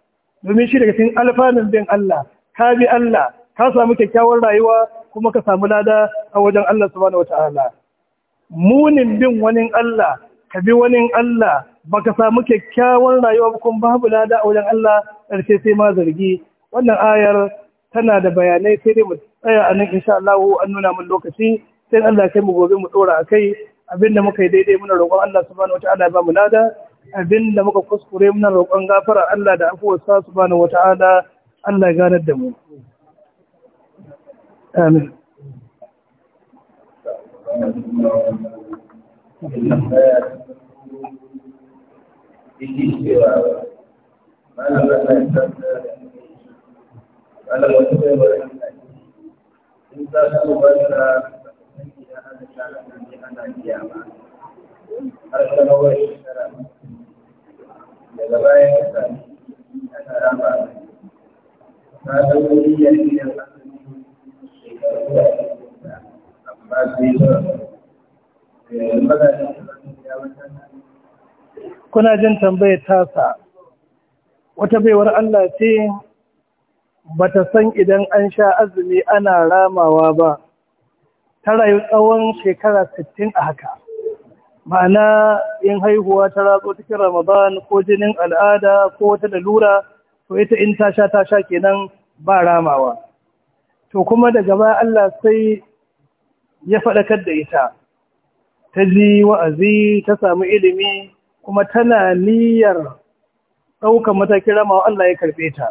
domin shi daga cikin alfanun bin Allah ka bi Allah ka samu kyakkyawar rayuwa kuma ka samu lada a wajen Allah subhanahu wataala munin bin wani Allah ka bi wani Allah baka samu kyakkyawar rayuwa kuma babu lada a wajen Allah karshe sai ma zargi wannan ayar tana da bayanai sai dai mu tsaya a nan insha Allah an nuna mun lokaci sai Allah kai mu gobe mu dora akai abinda muka yi daidai muna roƙon Allah subhanahu wataala ya ba mu lada abinda muka kuskure muna roƙon gafara Allah da afuwarsa subhanahu wataala Allah ya ganar da mu آمين kuna jin tambayar tasa wata baiwar Allah ce ba ta san idan an sha azumi ana ramawa ba ta rayu tsawon shekara sittin a haka ma'ana in haihuwa ta ratso cikin ramadan ko jinin al'ada ko wata lalura to ita in ta sha ta sha kenan ba ramawa to kuma daga ba Allah sai ya faɗakar da ita ta ji wa'azi ta samu ilimi kuma tana niyyar ɗaukar matakin ramawa Allah ya karɓe ta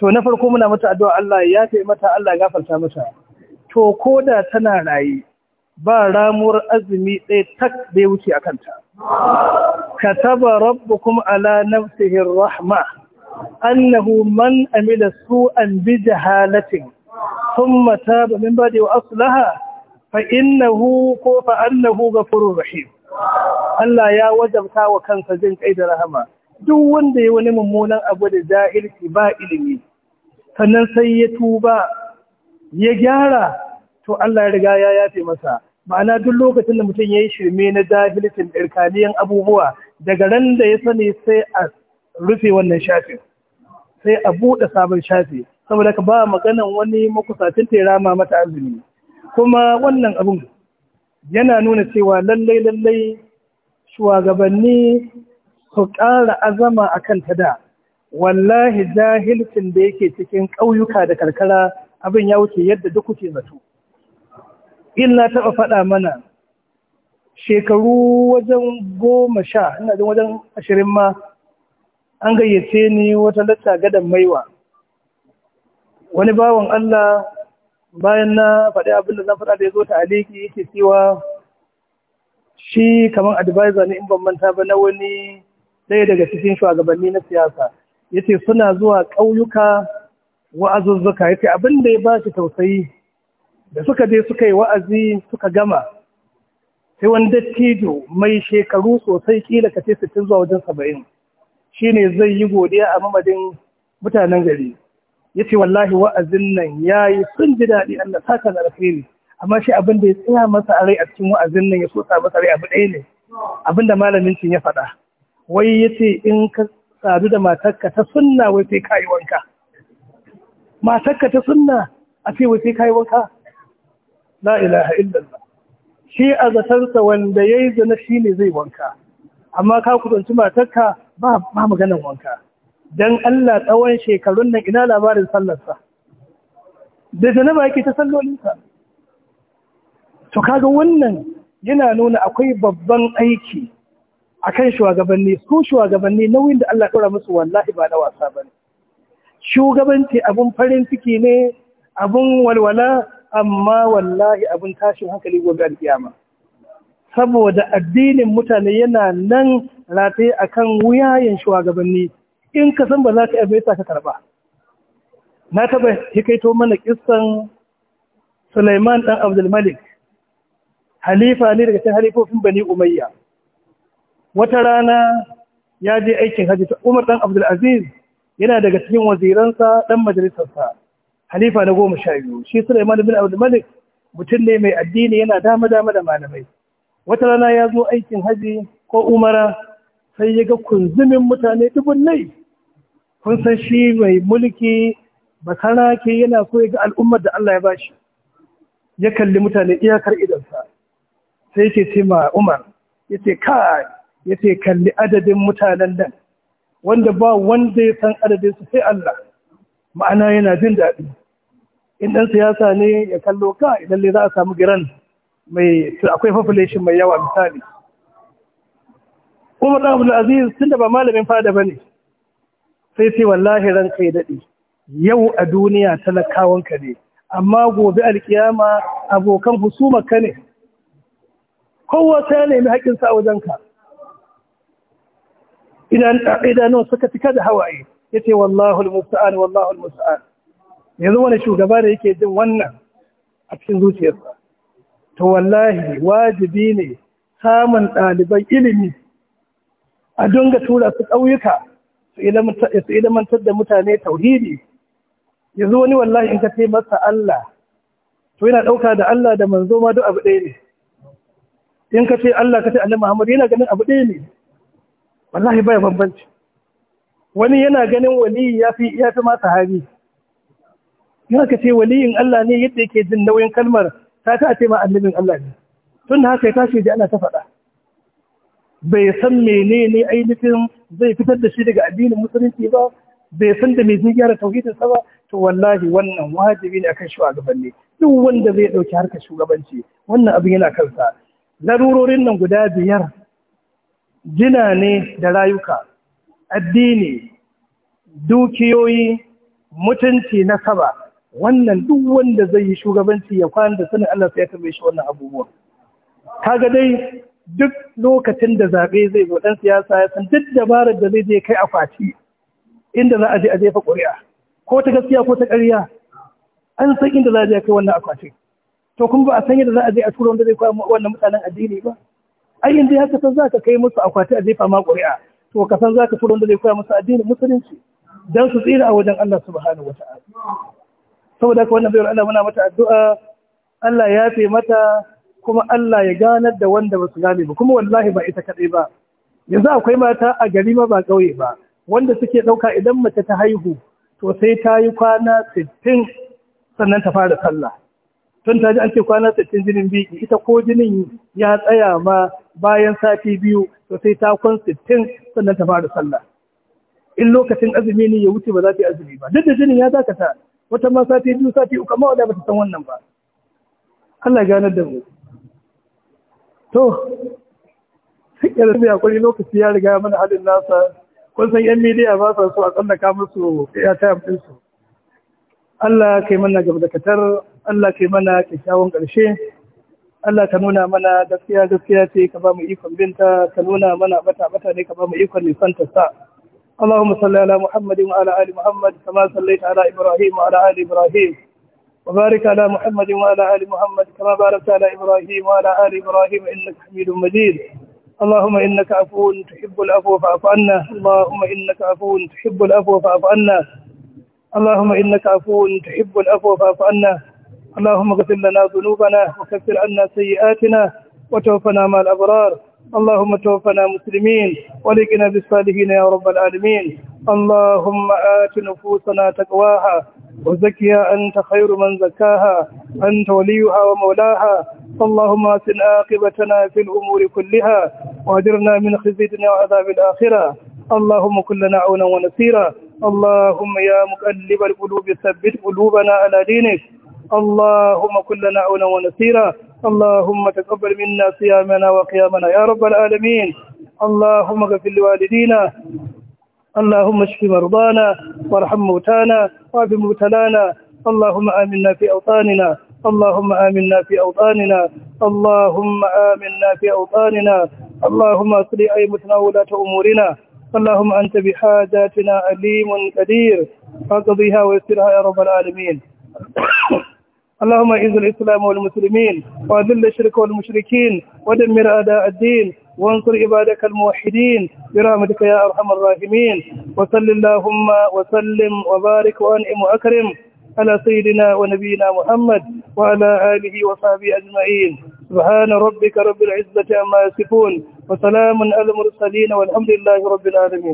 to na farko muna mata addu'a Allah ya fi mata Allah gafarta mata to ko da tana rayu ba ramuwar azumi ɗaya tak da ya wuce a kanta Ka rabu kuma ala nafsihi rahma annahu man amila an bi jahalatin ثم تاب من بعد وأصلها فإنه ga غفور رحيم Allah ya wajabta wa kansa jin kai da rahama duk wanda ya wani mummunan abu da jahilci ba ilimi sannan sai ya tuba ya gyara to Allah ya riga ya yafe masa ma'ana duk lokacin da mutum ya yi shirme na jahilcin irkaniyan abubuwa daga ran da ya sani sai a rufe wannan shafin sai a buɗe sabon shafi saboda ka ba maganan wani makusacin ta ya rama mata azumi kuma wannan abun yana nuna cewa lallai lallai shugabanni su ƙara azama akan ta da wallahi jahilcin da yake cikin ƙauyuka da karkara abin ya wuce yadda duk kuke zato illa taɓa faɗa mana shekaru wajen goma sha ina jin wajen ashirin ma an gayyace ni wata latta gadan maiwa wani bawan Allah bayan na faɗi abin da zan faɗa da ya zo ta aliki yake cewa shi kamar advisor ne in ban manta ba na wani ɗaya daga cikin shugabanni na siyasa ya ce suna zuwa ƙauyuka wa'azuzzuka yace abin da ya ba shi tausayi da suka je suka yi wa'azi suka gama sai wani dattijo mai shekaru sosai kila ka ce sittin zuwa wajen saba'in shine zai yi godiya a mamadin mutanen gari ya ce wallahi wa'azin nan ya yi sun ji daɗi Allah saka da ne amma shi abin da ya tsaya masa a rai a cikin wa'azin nan ya so sa masa rai abu ɗaya ne abin da malamin cin ya faɗa wai ya ce in ka sadu da matarka ta sunna wai sai ka wanka matarka ta sunna a ce wai sai ka wanka la ilaha illallah shi a zatarsa wanda ya yi zana shi ne zai wanka amma ka kusanci matarka ba maganan wanka Dan Allah tsawon shekarun nan ina labarin sallarsa da ba yake ta sallolinsa to kaga wannan yana nuna akwai babban aiki akan shugabanni su shugabanni nauyin da Allah ɗora musu wallahi ba na wasa bane shugabanci abun farin ciki ne abun walwala amma wallahi abin tashin hankali gobe alkiyama saboda addinin mutane yana nan rataye akan wuyayen shugabanni in ka san ba za ka iya baita ka karba na taba hikaito mana kissan Sulaiman dan Abdul Malik halifa ne daga cikin halifofin Bani Umayya wata rana ya je aikin haji ta Umar dan Abdul Aziz yana daga cikin waziransa dan majalisarsa halifa na goma sha biyu shi Sulaiman bin Abdul Malik mutum ne mai addini yana dama dama da malamai wata rana ya zo aikin haji ko umara sai ya ga kunzumin mutane dubun nai kun san shi mai mulki basara ke yana so ya ga al'ummar da Allah ya ba shi ya kalli mutane iyakar idansa sai yake ce ma Umar yace kai yace kalli adadin mutanen nan wanda ba wanda ya san adadin su sai Allah ma'ana yana jin daɗi in ɗan siyasa ne ya kallo ka idan le za a samu giran mai akwai population mai yawa misali Umar Abdul Aziz tunda ba malamin fada ne. sai ce wallahi ranka ya daɗe yau a duniya talakawanka ne amma gobe alƙiyama abokan husumarka ne kowa ya nemi haƙƙinsa a wajenka idanun suka cika da hawaye ya ce wallahul musta'an wallahul yanzu wani shugaba da yake jin wannan a cikin zuciyarsa to wallahi wajibi ne samun ɗaliban ilimi a dinga tura su ƙauyuka su ilimantar da mutane tauhidi zo wani wallahi in ka ce masa Allah to yana ɗauka da Allah da manzo ma duk abu ɗaya ne in ka ce Allah ka ce Allah Muhammad yana ganin abu ɗaya ne wallahi baya bambanci wani yana ganin wali ya fi ya fi ma sahabi yana ka ce waliyin Allah ne yadda yake jin nauyin kalmar ta ta ce ma annabin Allah ne tun da haka ya tashi da ana ta faɗa bai san menene ainihin zai fitar da shi daga addinin musulunci ba bai san da mai zai gyara tauhidin sa ba to wallahi wannan wajibi ne akan shugabanni duk wanda zai dauki harkar shugabanci wannan abin yana kansa larurorin nan guda biyar jina ne da rayuka addini dukiyoyi mutunci na saba wannan duk wanda zai yi shugabanci ya kwana da sanin Allah sai ya tambaye shi wannan abubuwa kaga dai duk lokacin da zaɓe zai zo ɗan siyasa ya san duk dabarar da zai je kai a faci inda za a je a jefa ƙuri'a ko ta gaskiya ko ta ƙarya an san inda za a je kai wannan akwatin to kuma ba a san yadda za a je a tura wanda zai kawo wannan mutanen addini ba ai da ya san za ka kai musu akwati a jefa ma ƙuri'a to ka san za ka tura wanda zai kawo musu addini musulunci dan su tsira a wajen Allah subhanahu wata'ala saboda haka wannan bayar Allah muna mata addu'a Allah ya fi mata kuma Allah ya ganar da wanda ba su gane ba kuma wallahi ba ita kaɗai ba yanzu akwai mata a gari ma ba ƙauye ba wanda suke ɗauka idan mace ta haihu to sai ta yi kwana sittin sannan ta fara sallah tun ta ji an ce kwana sittin jinin biki ita ko jinin ya tsaya ma bayan sati biyu to sai ta kwan sittin sannan ta fara sallah in lokacin azumi ne ya wuce ba za ta yi azumi ba duk da jinin ya dakata wata ma sati biyu sati uku amma wadda ba ta san wannan ba Allah ya ganar da mu to sikir da hakuri lokaci ya riga mana halin nasa kun san yan media ba sa so a tsallaka musu ya ta yi su Allah kai mana gaba da katar Allah kai mana kyakkyawan ƙarshe Allah ka nuna mana gaskiya gaskiya ce ka ba mu ikon binta ka nuna mana bata bata ne ka ba mu ikon nisan ta sa ala Muhammadin wa ala Ali Muhammad kama sallaita ala Ibrahim wa ala ali Ibrahim وبارك على محمد وعلى آل محمد كما باركت على إبراهيم وعلى آل إبراهيم إنك حميد مجيد اللهم إنك عفو تحب العفو فاعف عنا اللهم إنك عفو تحب العفو فاعف عنا اللهم إنك عفو تحب العفو فاعف عنا اللهم اغفر لنا ذنوبنا وكفر عنا سيئاتنا وتوفنا مع الأبرار اللهم توفنا مسلمين ولقنا بالصالحين يا رب العالمين اللهم آت نفوسنا تقواها وزكيها أنت خير من زكاها أنت وليها ومولاها اللهم أسن عاقبتنا في الأمور كلها واجرنا من خزي الدنيا وعذاب الآخرة اللهم كن لنا عونا ونصيرا اللهم يا مقلب القلوب ثبت قلوبنا على دينك اللهم كن لنا عونا ونصيرا اللهم تقبل منا صيامنا وقيامنا يا رب العالمين اللهم اغفر لوالدينا اللهم اشف مرضانا وارحم موتانا واعف مبتلانا اللهم آمنا في أوطاننا اللهم آمنا في أوطاننا اللهم آمنا في أوطاننا اللهم أصلي أئمتنا ولاة أمورنا اللهم أنت بحاجاتنا عليم قدير فاقضيها ويسرها يا رب العالمين اللهم اعز الإسلام والمسلمين وأذل الشرك والمشركين ودمر أعداء الدين وانصر عبادك الموحدين برحمتك يا أرحم الراحمين وصل اللهم وسلم وبارك وأنعم وأكرم على سيدنا ونبينا محمد وعلى آله وصحبه أجمعين سبحان ربك رب العزة عما يصفون وسلام على المرسلين والحمد لله رب العالمين